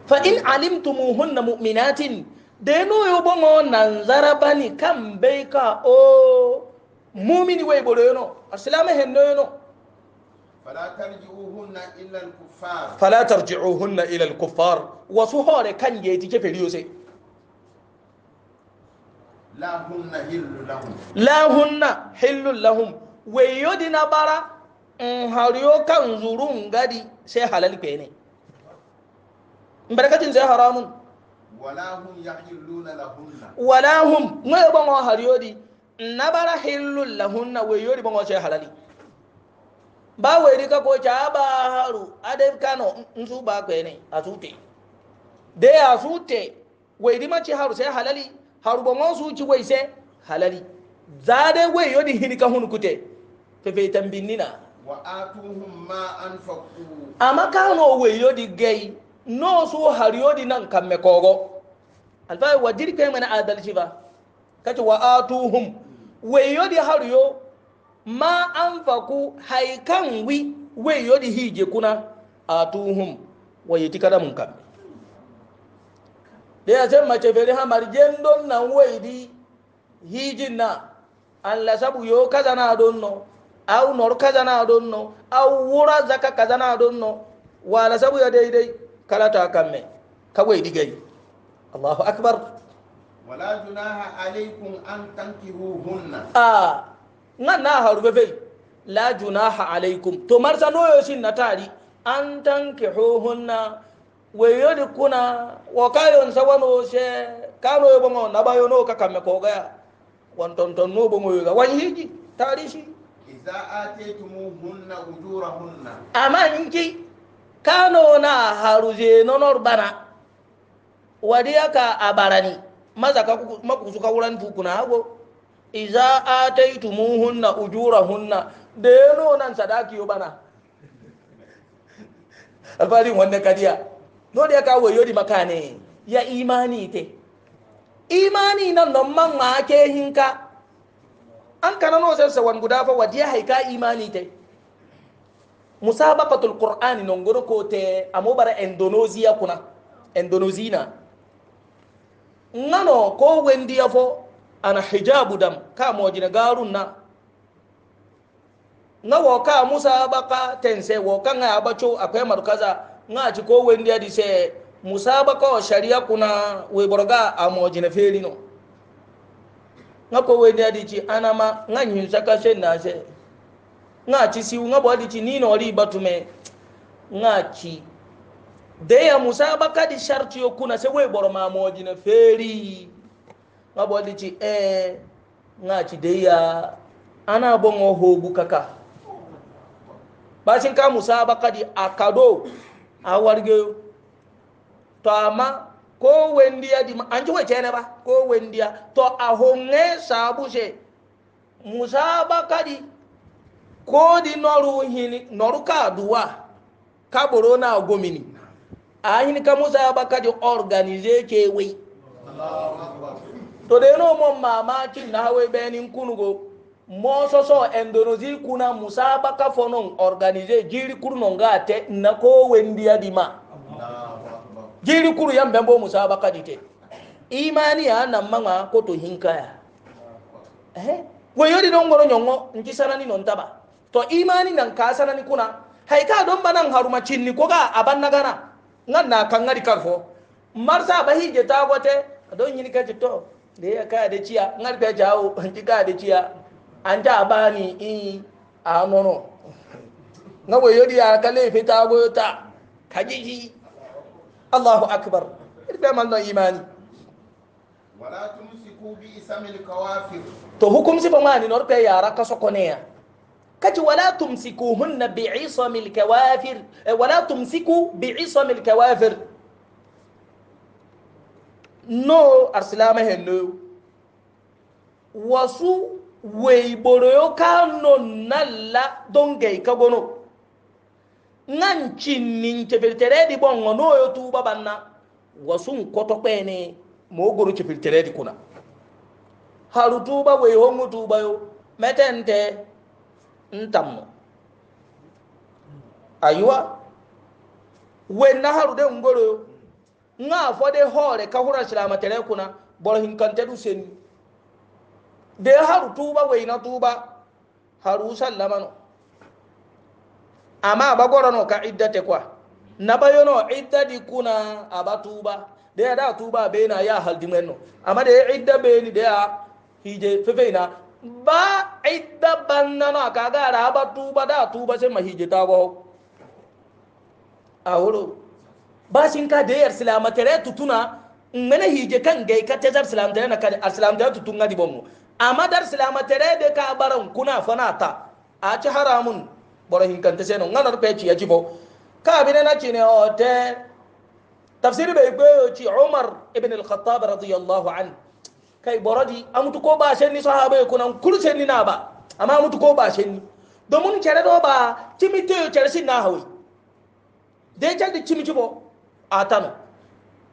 fa in alimtumuhunna mu'minatin denu yubomo nanzara bani kam beyka o mumini way boro yono asilama henno yono fala tarji'uhunna ila al-kuffar wasu hore kan yeti ke feriyo se la hunna hillu lahum la hunna hillu lahum wayo bara in hariyo kan zurun gadi sai halal ke ne barakatin sai haramun wala hum moyo bongo hariyodi nabara hillul lahunna weyori bongo che halali ba weri ka ko cha ba haru ade kano nsu ba kwe ne asute de asute weri ma che haru se halali haru bongo su chi we se halali zade weyodi hinika hun kute fefe tambinina wa atuhum ma anfaqu ama kano weyodi gei no su hariyodi nan kamme kogo alfai wa jirka mana adalci ba kace wa atuhum weyodi hariyo ma anfaku haikan wi weyodi hije kuna atuhum wa yiti kada mun kamme da ya ce mace fere hamar jendon nan weydi hijin na an lasabu yo kaza na don au nor kaza na don au wura zaka kaza na don no wa lasabu ya daidai kala ta kamme kawai digai Allahu akbar wala junaha alaykum an tankihuhunna ah nan na harbe bai la junaha alaykum to marsa no yo shin natari an tankihuhunna weyodi kuna wakayon sawano she kano yo bongo nabayo no kakamme ko ga won ton ton no bongo yo ga wanyiji tarishi iza ataytumuhunna ujurahunna amanki kano na haruje nonor bana wadiya ka abarani maza ka makusu ka wuran tukuna hago iza ataitumuhunna ujurahunna da yano nan sadaki yo bana [laughs] alfarin wannan kadiya no da ka wayo di makane ya imani te imani nan non man ma ke hinka an kana no sai sawan guda fa wadiya haika imani te musabaqatul qur'ani non gono ko te indonesia kuna indonesia ngano ko wendi yafo ana hijabu dam ka mojina garun na nga wo ka musabaqa tense wo kan ga abacho akwai markaza nga ci ko wendi adi se musabaqa sharia kuna we borga amojina feri no nga ko wendi adi ci anama nga nyin saka sen na se nga ci siwu nga bodi ci nino ri batume nga ci de ya musabaka di sharti yo kuna se we boro mamoji na feri nga bodi ci e eh, nga ci de ya ana bongo hogu kaka basin ka musabaka di akado a warge to amma ko wendiya di an ci wace ba ko wendiya to a honge sabu se musabaka di kodi noru hini noru ka duwa ka na gomini a hini ka musa ba ka di organize ke wai to de no mo mama kin na hawe benin kunugo mo so so endonozi kuna musa ba fonon organize jiri kurno ga te na ko wendi adima jiri kuru yan bembo musa ba ka dite imani ya nan mama ko to hinkaya eh we yori don goro nyongo nkisara ni non taba to imani nan ka sanani kuna hay ka don banan haruma cinni ko ga aban na gana nan na kan ngari karfo marsa bahi je ta gote don yin ka to da ya ka da ciya ngar ka jawo ki ka da ciya an ta bani i a nono na wayo ya ka lefe ta goyota kajiji Allahu akbar irfe man don imani wala tumsiku bi isamil kawafir to hukum si ba mani norpe yara kaso koneya kaci wala tumsikuhunna bicisami lkawafir eh, wala tumsiku bicisami lkawafir no arsilama henno wasu weiboroyo ka no nalla dongei kagono ngan cinnin cefilteredi bongo noyo tuba banna wasu nkoto kwene mogoro cefilteredi kuna haru wei hongu tubayo metente ntammo ayuwa wenna harude ngoroyo nga fode hoore kahura silama tere kuna boro hinkantedu seni de haru tuba weyna tuba haru sallamano abagoro no ka iddate kwa nabayono iddadi kuna aba tuba de ada tuba na ya haldimenno amma de idda ni de a hije na. ba idda bannana kaga raba tuba da tuba sai mahijita ba a wuro ba shin ka da yar silamatare tutuna mene hije kan gai ka tezar silamatare na kaje silamatare tutun ga dibonmu amma dar silamatare da ka baran kuna fanata a ci haramun boro hin kan tese no ngana peci ya bo. ka bi na ci ne o oh, te tafsir bai gbe ci Umar ibn al-Khattab radiyallahu anhu kai borodi amutu ko ba shenni sahaba ya kunan kul shenni na ba amma amutu ko ba shenni domin kere do ba cimite yo kere sin na hawi de cal de cimi cibo a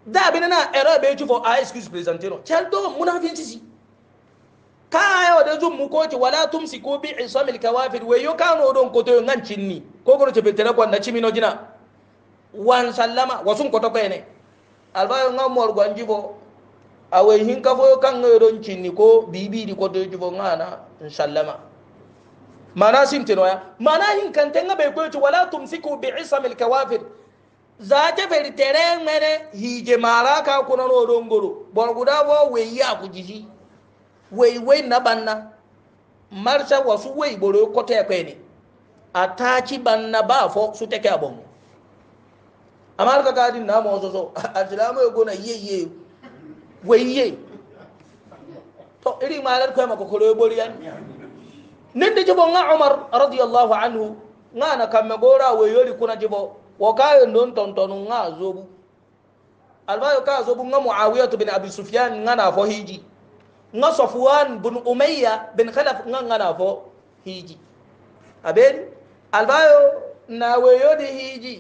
da bina na erreur be cifo a excuse presentino cal do munafinci si ka ayo de zum mu koci wala tumsi ko bi isamil kawafir we yo don koto yo ngan cinni ko gono cefe tere kwa na cimi no jina wan sallama wasun koto ko ene albayo ngam mor gwanjibo awe hin ka fo kan ga don cinni ko bibi di ko do jibo ngana insallama mana simtin ya mana hin kan tan ga be ko ci wala tumsiku bi isam al kawafir za ta fer tere mene hije maraka kuna no don goro bor guda bo we ya ku jiji we we na banna marsha wasu we boro ko te ko ni atachi banna ba fo su take abon amar kadin na mo so so [laughs] asilamu go na yeye wayye to iri malar koy mako koro boriyan nindi jibo nga umar radiyallahu anhu nga na kamme gora wayori kuna jibo wa kayo ndon tontonu nga zobu albayo ka zobu nga muawiya bin abi sufyan nga na fo hiji nga safwan bin umayya bin khalaf nga nga na fo hiji aben albayo na wayodi hiji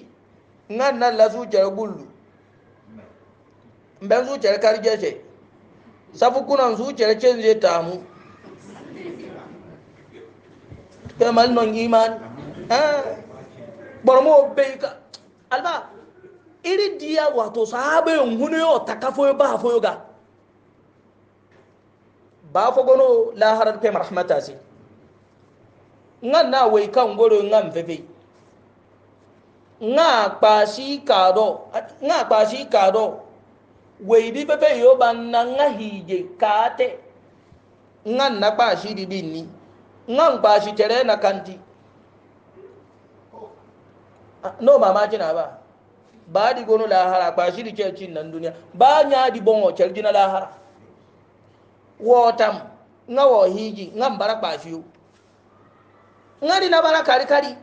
nga na lazu jargullu mben su cere karje ce safu kunan su cere cin zai tamu kemal non iman bormo be ka alba iri diya wato sahabe hunu yo takafo ba fo ga ba fo gono la harar pe rahmata si ngan na wai kan goro ngan fefe nga kado nga kpashi kado weidi pepe yo banna nga hije kate nga na pa shi dibini nga pa shi tere na kanti no mama jina ba ba di gono lahara pa shi di cece nan duniya ba nya di bongo cerjina lahara wotam nga wo hiji nga mbara pa shi yo di na bara kari kari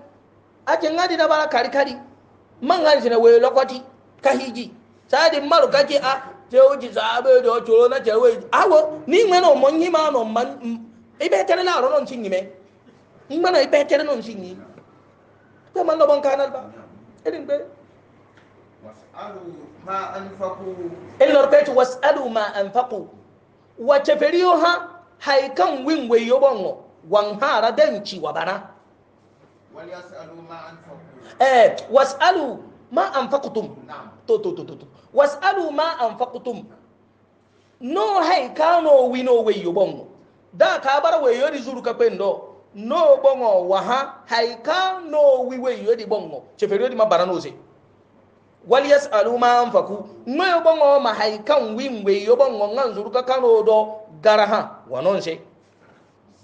ake nga di na bara kari kari man nga di na we lokoti ka hiji sadi maru kake a te o jisa abe do choro na che we awo ni ngwe no mo nyi ma no man ibe tere la ro no nchi nyi me ngwe no ibe tere no nchi nyi te man no bon kanal ba edin be wasalu ma anfaqu illa rabbi wasalu ma anfaqu wa cheferiyo ha haikan winwe yobongo wanhara denchi wabana waliyasalu ma anfaqu eh wasalu ma anfaqtum to to to to wasalu ma anfaqtum no no hay no wino weyo bongo da ka bar weyo di zuru ka pendo no bongo waha hay kano wi weyo di bongo cheferi di mabara no se wal yasalu ma anfaqu no bongo ma hay kan wi weyo bongo ngan zuru ka kano do garaha wanon se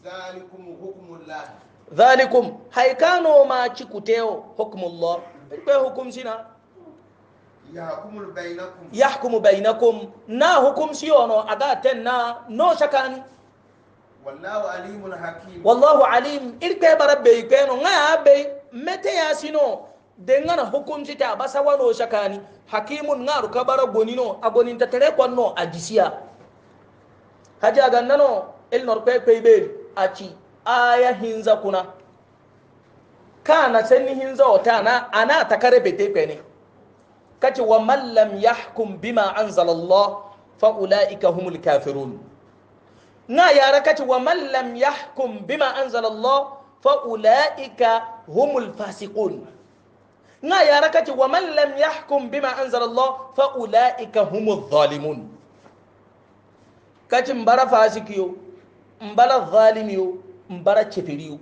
zalikum hukmullah zalikum hay kano ma chikuteo hukmullah pé hukum sí náà yahkumu bainakum na hukum sí ọ̀nà àgáàtẹ̀ náà náà ṣakan wallahu alimun hakim wallahu alim irke bara bai kai no nga bai mete ya sino de ngana hukum ci ta basa wano shakani hakimun nga ruka bara gonino agonin ta tare kwanno ajisiya haja gannano il norpe pe be aci aya hinza kuna kana sanni hinza wata na ana takare bete pene kace wa man lam yahkum bima anzala Allah fa ulaika humul kafirun na yara kace wa man lam yahkum bima anzala Allah fa ulaika humul fasiqun na yara kace wa man lam yahkum bima anzala Allah fa ulaika humul zalimun kace mbara fasikiyo mbara zalimiyo mbara kafiriyo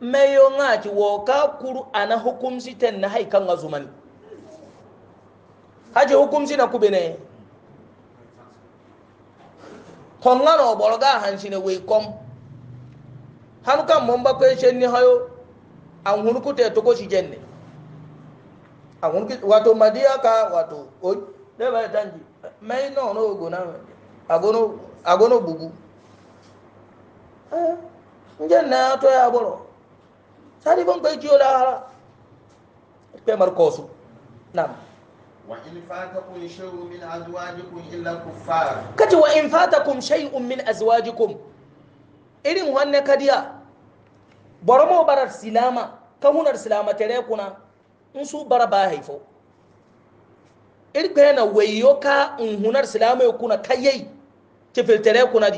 mayo ngati wo ka kuru ana hukum siten na haikan ngazuman haje hukum sina kubene konga no boroga hansine we kom hanuka momba pe chenni hayo an hunku te to ko shi jenne an hunku wato madiya ka wato o de ba tanji mai no no gona agono agono bugu eh nje na to ya boro taliban bai jiyo lahara kai marko su na'am wa in fatakum shay'un min azwajikum illa kuffar kace wa in fatakum shay'un min azwajikum irin wannan kadiya boromo barar silama kahunar silama tere kuna in su bara ba haifo irgbe na wayo ka in hunar silama kuna kayyai kifil tere kuna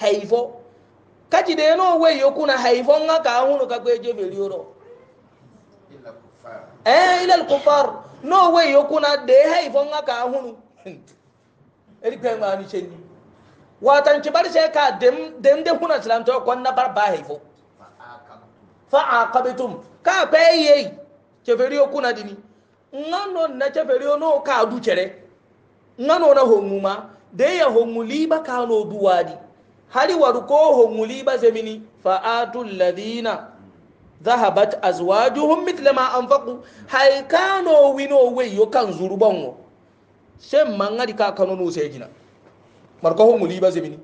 haifo kaji da yano wai yoku na haifon haka hunu ka gweje miliyoro eh ilal kufar no wai yoku na de haifon haka hunu [laughs] eri pe ma ni cheni watan ci bar ka dem dem de kuna islam to kon na bar ba haifo fa aqabtum ka pe ye ke feri yoku na dini ngano na ke feri no ka du chere ngano na honguma de ya honguli ba ka no duwadi hari waru ko honguli ba zemini fa atul ladina dhahabat azwajuhum mithla ma anfaqu hay kano wino weyo kan zuru bongo sem mangari ka kano no sejina marko honguli ba zemini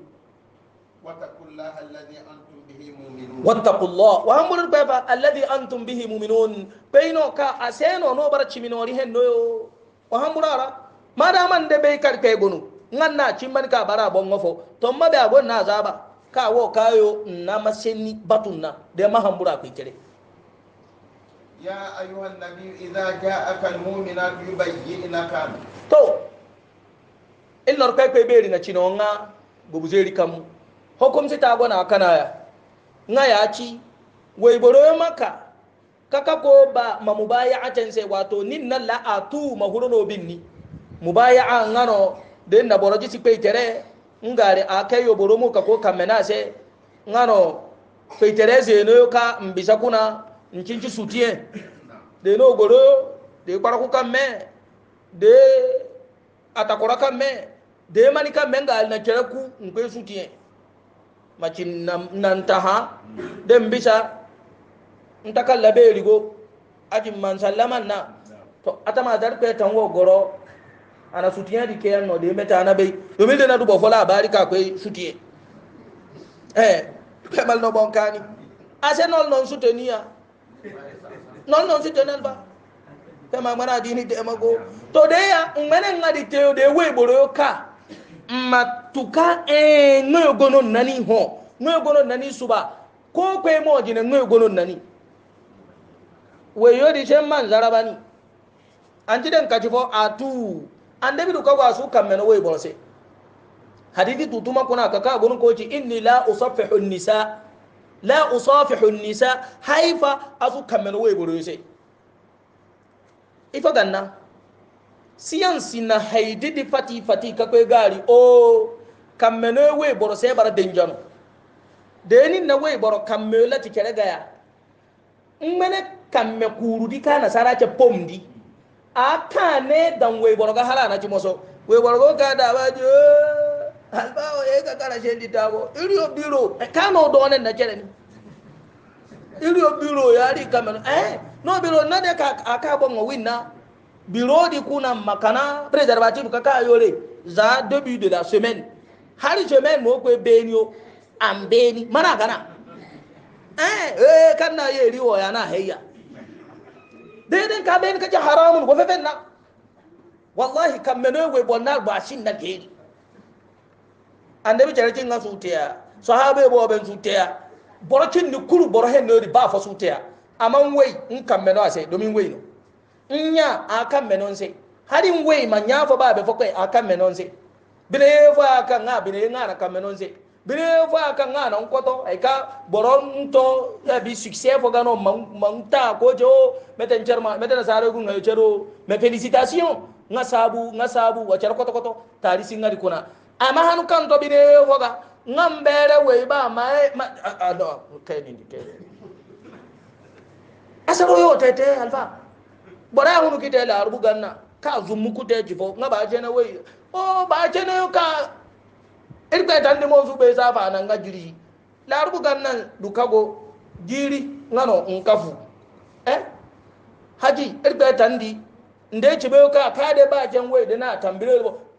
wataqullaha alladhi antum bihi mu'minun wattaqullah wa antum bihi mu'minun bayno ka aseno no bar chiminori hen noyo wa hamurara madaman de be gonu ngan na chimban ka bara bongo fo to mabe abo na zaba ka wo kayo na maseni batunna de mahambura ku kire ya ayuha nabi idza ja'aka almu'minat yubayyinaka to in lor kai kai beri na chino nga bubu zeri kam hukum sita gona kana ya nga ya ci wai maka kaka ko ba ma mubayi'atan sai wato ninna la atu mahurno binni mubayi'a ngano Dee na boroji si peitere ngari akai yoboro mu ka ko kamena se ngano peitere ze n'oka ka mbisa kuna nkinchi sutie de no goro de kwara ku kamme de atakora kamme de mani kamme ngal na kere ku nkwe sutie macin ha de mbisa ntakalla be rigo ajin man sallaman na to atama dar tanwo goro ana sutiya di ke yan no de meta na be do mi de na du fola abari ka pe sutiye eh pe mal no bon kani ase non non sutenia non non sutenia ba pe ma mara di ni de mago to de ya ngmene ngadi te o de we boro yo ka matuka eh no gono nani ho no gono nani suba ko kwe mo jine no gono nani we yo di shen man zarabani anti den kati fo atu ande bidu kawa su kan mena wey borse hadithi tutuma kuna kaka gonun ko ci inni la usaffihu nisa la usaffihu nisa haifa asu kan mena wey borse ifa ganna siyansi na haididi fati fati kakwe gari o oh, kan mena wey borse bara denjano deni na wey boro kan mela tikere gaya mmene kan kurudi kana sarace pomdi aka ne dan weiboro ga hala na ci moso weiboro go ka da ba jo o e ka kara shendi tabo iriyo biro eh, kano do ne na jere ni iriyo biro ya ri kamera eh no biro na de ka aka bo ngo winna biro di kuna makana preservative ka ka yore za début de la semaine har semaine mo ko benio am beni mana gana eh eh kan na ye riwo ya na heya deden ka ben kaje haramun go fefen na wallahi kam meno we bonna ba shin na geri annabi jarjin na sutiya sahabe bo ben sutiya borokin ni kuru boro hen no ba fa sutiya aman wei in kam meno ase domin wei no nya akan meno nse hari wei man nya fa ba be fa kai akan meno nse bile fa kan nga bile nga na kam meno nse bire fo ka nga nan koto ay ka boron to ya bi succès fo gano mangta ko jo meten charma meten sare gun ngayo chero me félicitation nga sabu nga sabu wa chero koto koto tari singa di kuna ama hanu kan to bire fo ga ngambere we ba ma a do kay ni di kay asaro yo tete alfa bora hunu kitela arbu ganna ka zumuku te jifo nga ba jene we o oh, ba jene ka irka tan dimo su bai safa nan ga jiri larubu gannan dukago jiri ngano nkafu eh haji irka tan di nde ci bai ka ka de ba jan wai da na tambire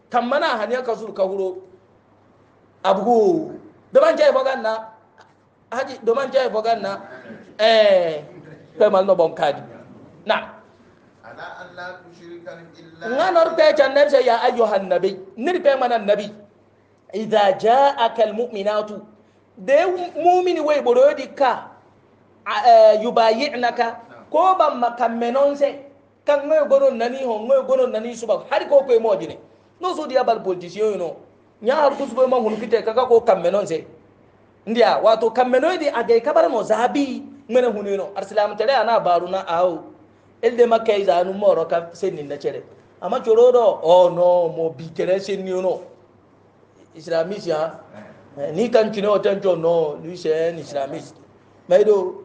tammana hanya ka su ka huro abu da ban jai foganna haji do man jai foganna eh kai mal no bon kadi na ala alla tushrika illa ngano irka tan nan sai ya ayyuhan nabi nirbe manan nabi idha ja'aka almu'minatu de mu'mini wey borodi ka e, yubayi'naka ko ban makamenonse kan ngoy gono nani ho ngoy gono nani suba har ko ko mo dine no so dia bal politician yo no nya har ku suba ma hun kite kaka ko kamenonse ndia wato kamenoidi agay kabar mo zabi mena hunu no arsalam tare ana baruna awo elde makai zanu moro ka senin na chere amma chorodo oh no mo bi kere senin yo no islamiste ya eh, ni kan kini o ten to no ni se en islamiste mais do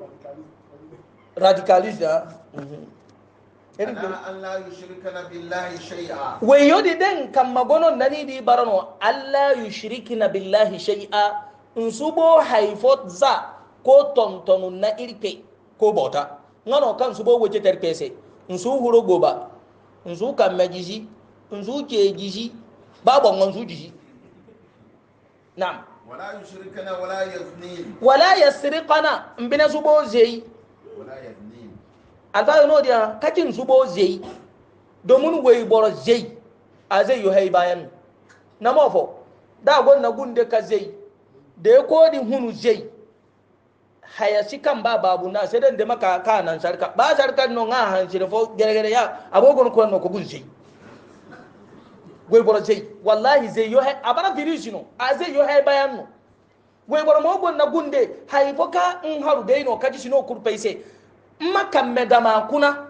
radicaliste ya weyo di den kamma gonon nani di barano alla yushrikina billahi shay'a nsubo haifot za ko tontonu na irpe ko bota ngano kan subo wece terpese nsu huro goba nsu kamme jisi nsu ke jisi babon nsu jisi na'am wala yushrikana wala yazni wala yasriqana mbina zubo zai wala yazni alfa no dia kakin zubo zai domin wai bor zai a zai yuhai bayan na mafo da gwanna na gunde ka zai da ya kodi hunu zai hayasi kan ba babu na sai dan da maka kanan sarka ba sarkan no nga han sirfo gere gere ya abogon ko no ko gun zai gwegboro zai wallahi zai yo he abana virisi no a zai yo he bayan no gwegboro mo gonna gunde haifoka in haru dai no kaji sino kurpai sai makan me da makuna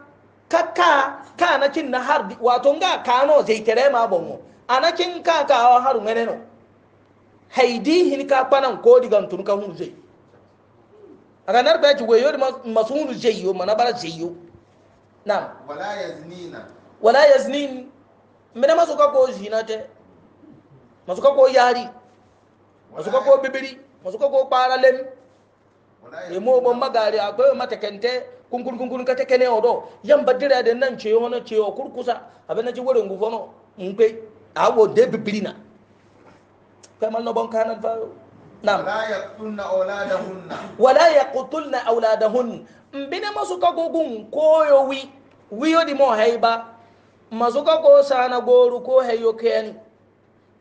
kaka kana kin na har wato ga kano zai tere ma bonwo anakin ka ka haru mene no haidi hin ka kwanan ko digan tun ka hun zai ranar ba ci wayo masu hun zai yo mana bara zai yo na wala yaznina wala yaznin mena masuka ko zinate masuka ko yari masuka ko bibiri masuka ko paralem emo bon magari akwai mata kente kunkun kunkun ka tekene odo yan badira da nan ce hono ce o kurkusa abin na ji wurin gufono mpe awo de bibiri na kai mal no bon kanan fa nam wala yaqtulna auladahunna wala yaqtulna auladahun mbina masuka gogun koyo wi wiyo di mo haiba masuka ko sana goru ko hayo kayani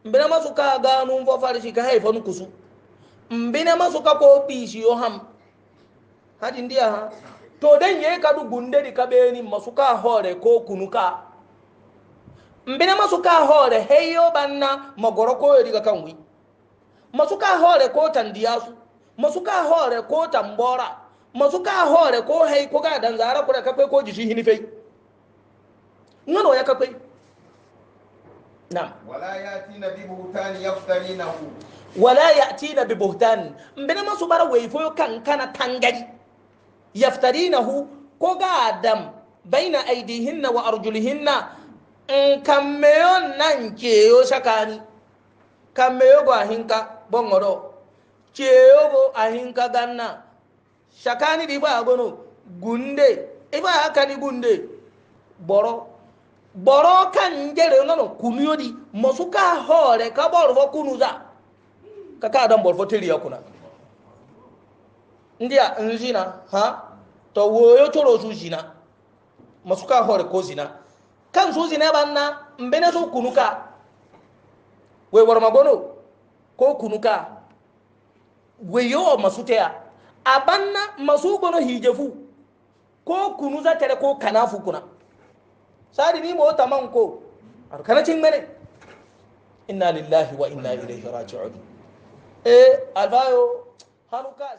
mbina masuka ganu fo farshi ka haifon kusu mbina masuka ko bishi yo ham hadi ndiya ha to den ye kadu gunde di kabeni masuka hore ko kunuka mbina masuka hore hayo banna magoro ko yodiga kanwi masuka hore ko tandiyasu masuka hore ko tambora masuka hore ko hay ko ga danzara kura kafe ko jishi hinifei ngano ya kakwai na wala ya ti na bi buhtan yaftari na hu wala ya ti na bi buhtan mbene masu bara waifo kan kana tangari yaftari na hu ko ga adam baina aidihinna wa arjulihinna in kammeyo nan keyo sakani kammeyo go ahinka bongoro keyo go ahinka ganna sakani di ba gono gunde iba akani gunde boro boro kan jere ngano kunuyo di ka hore ka ka fo kunuza kaka dan boro fo tiriya kuna ndia nzina ha to woyo choro su zina ka hore ko zina kan su zina banna mbene so kunuka we boro magono ko kunuka we yo masutea abanna masu gono hijefu ko kunuza tere ko kana kanafu kuna sadi mi mo taman ko ar kana cin mene inna lillahi wa inna ilaihi raji'un eh albayo haluka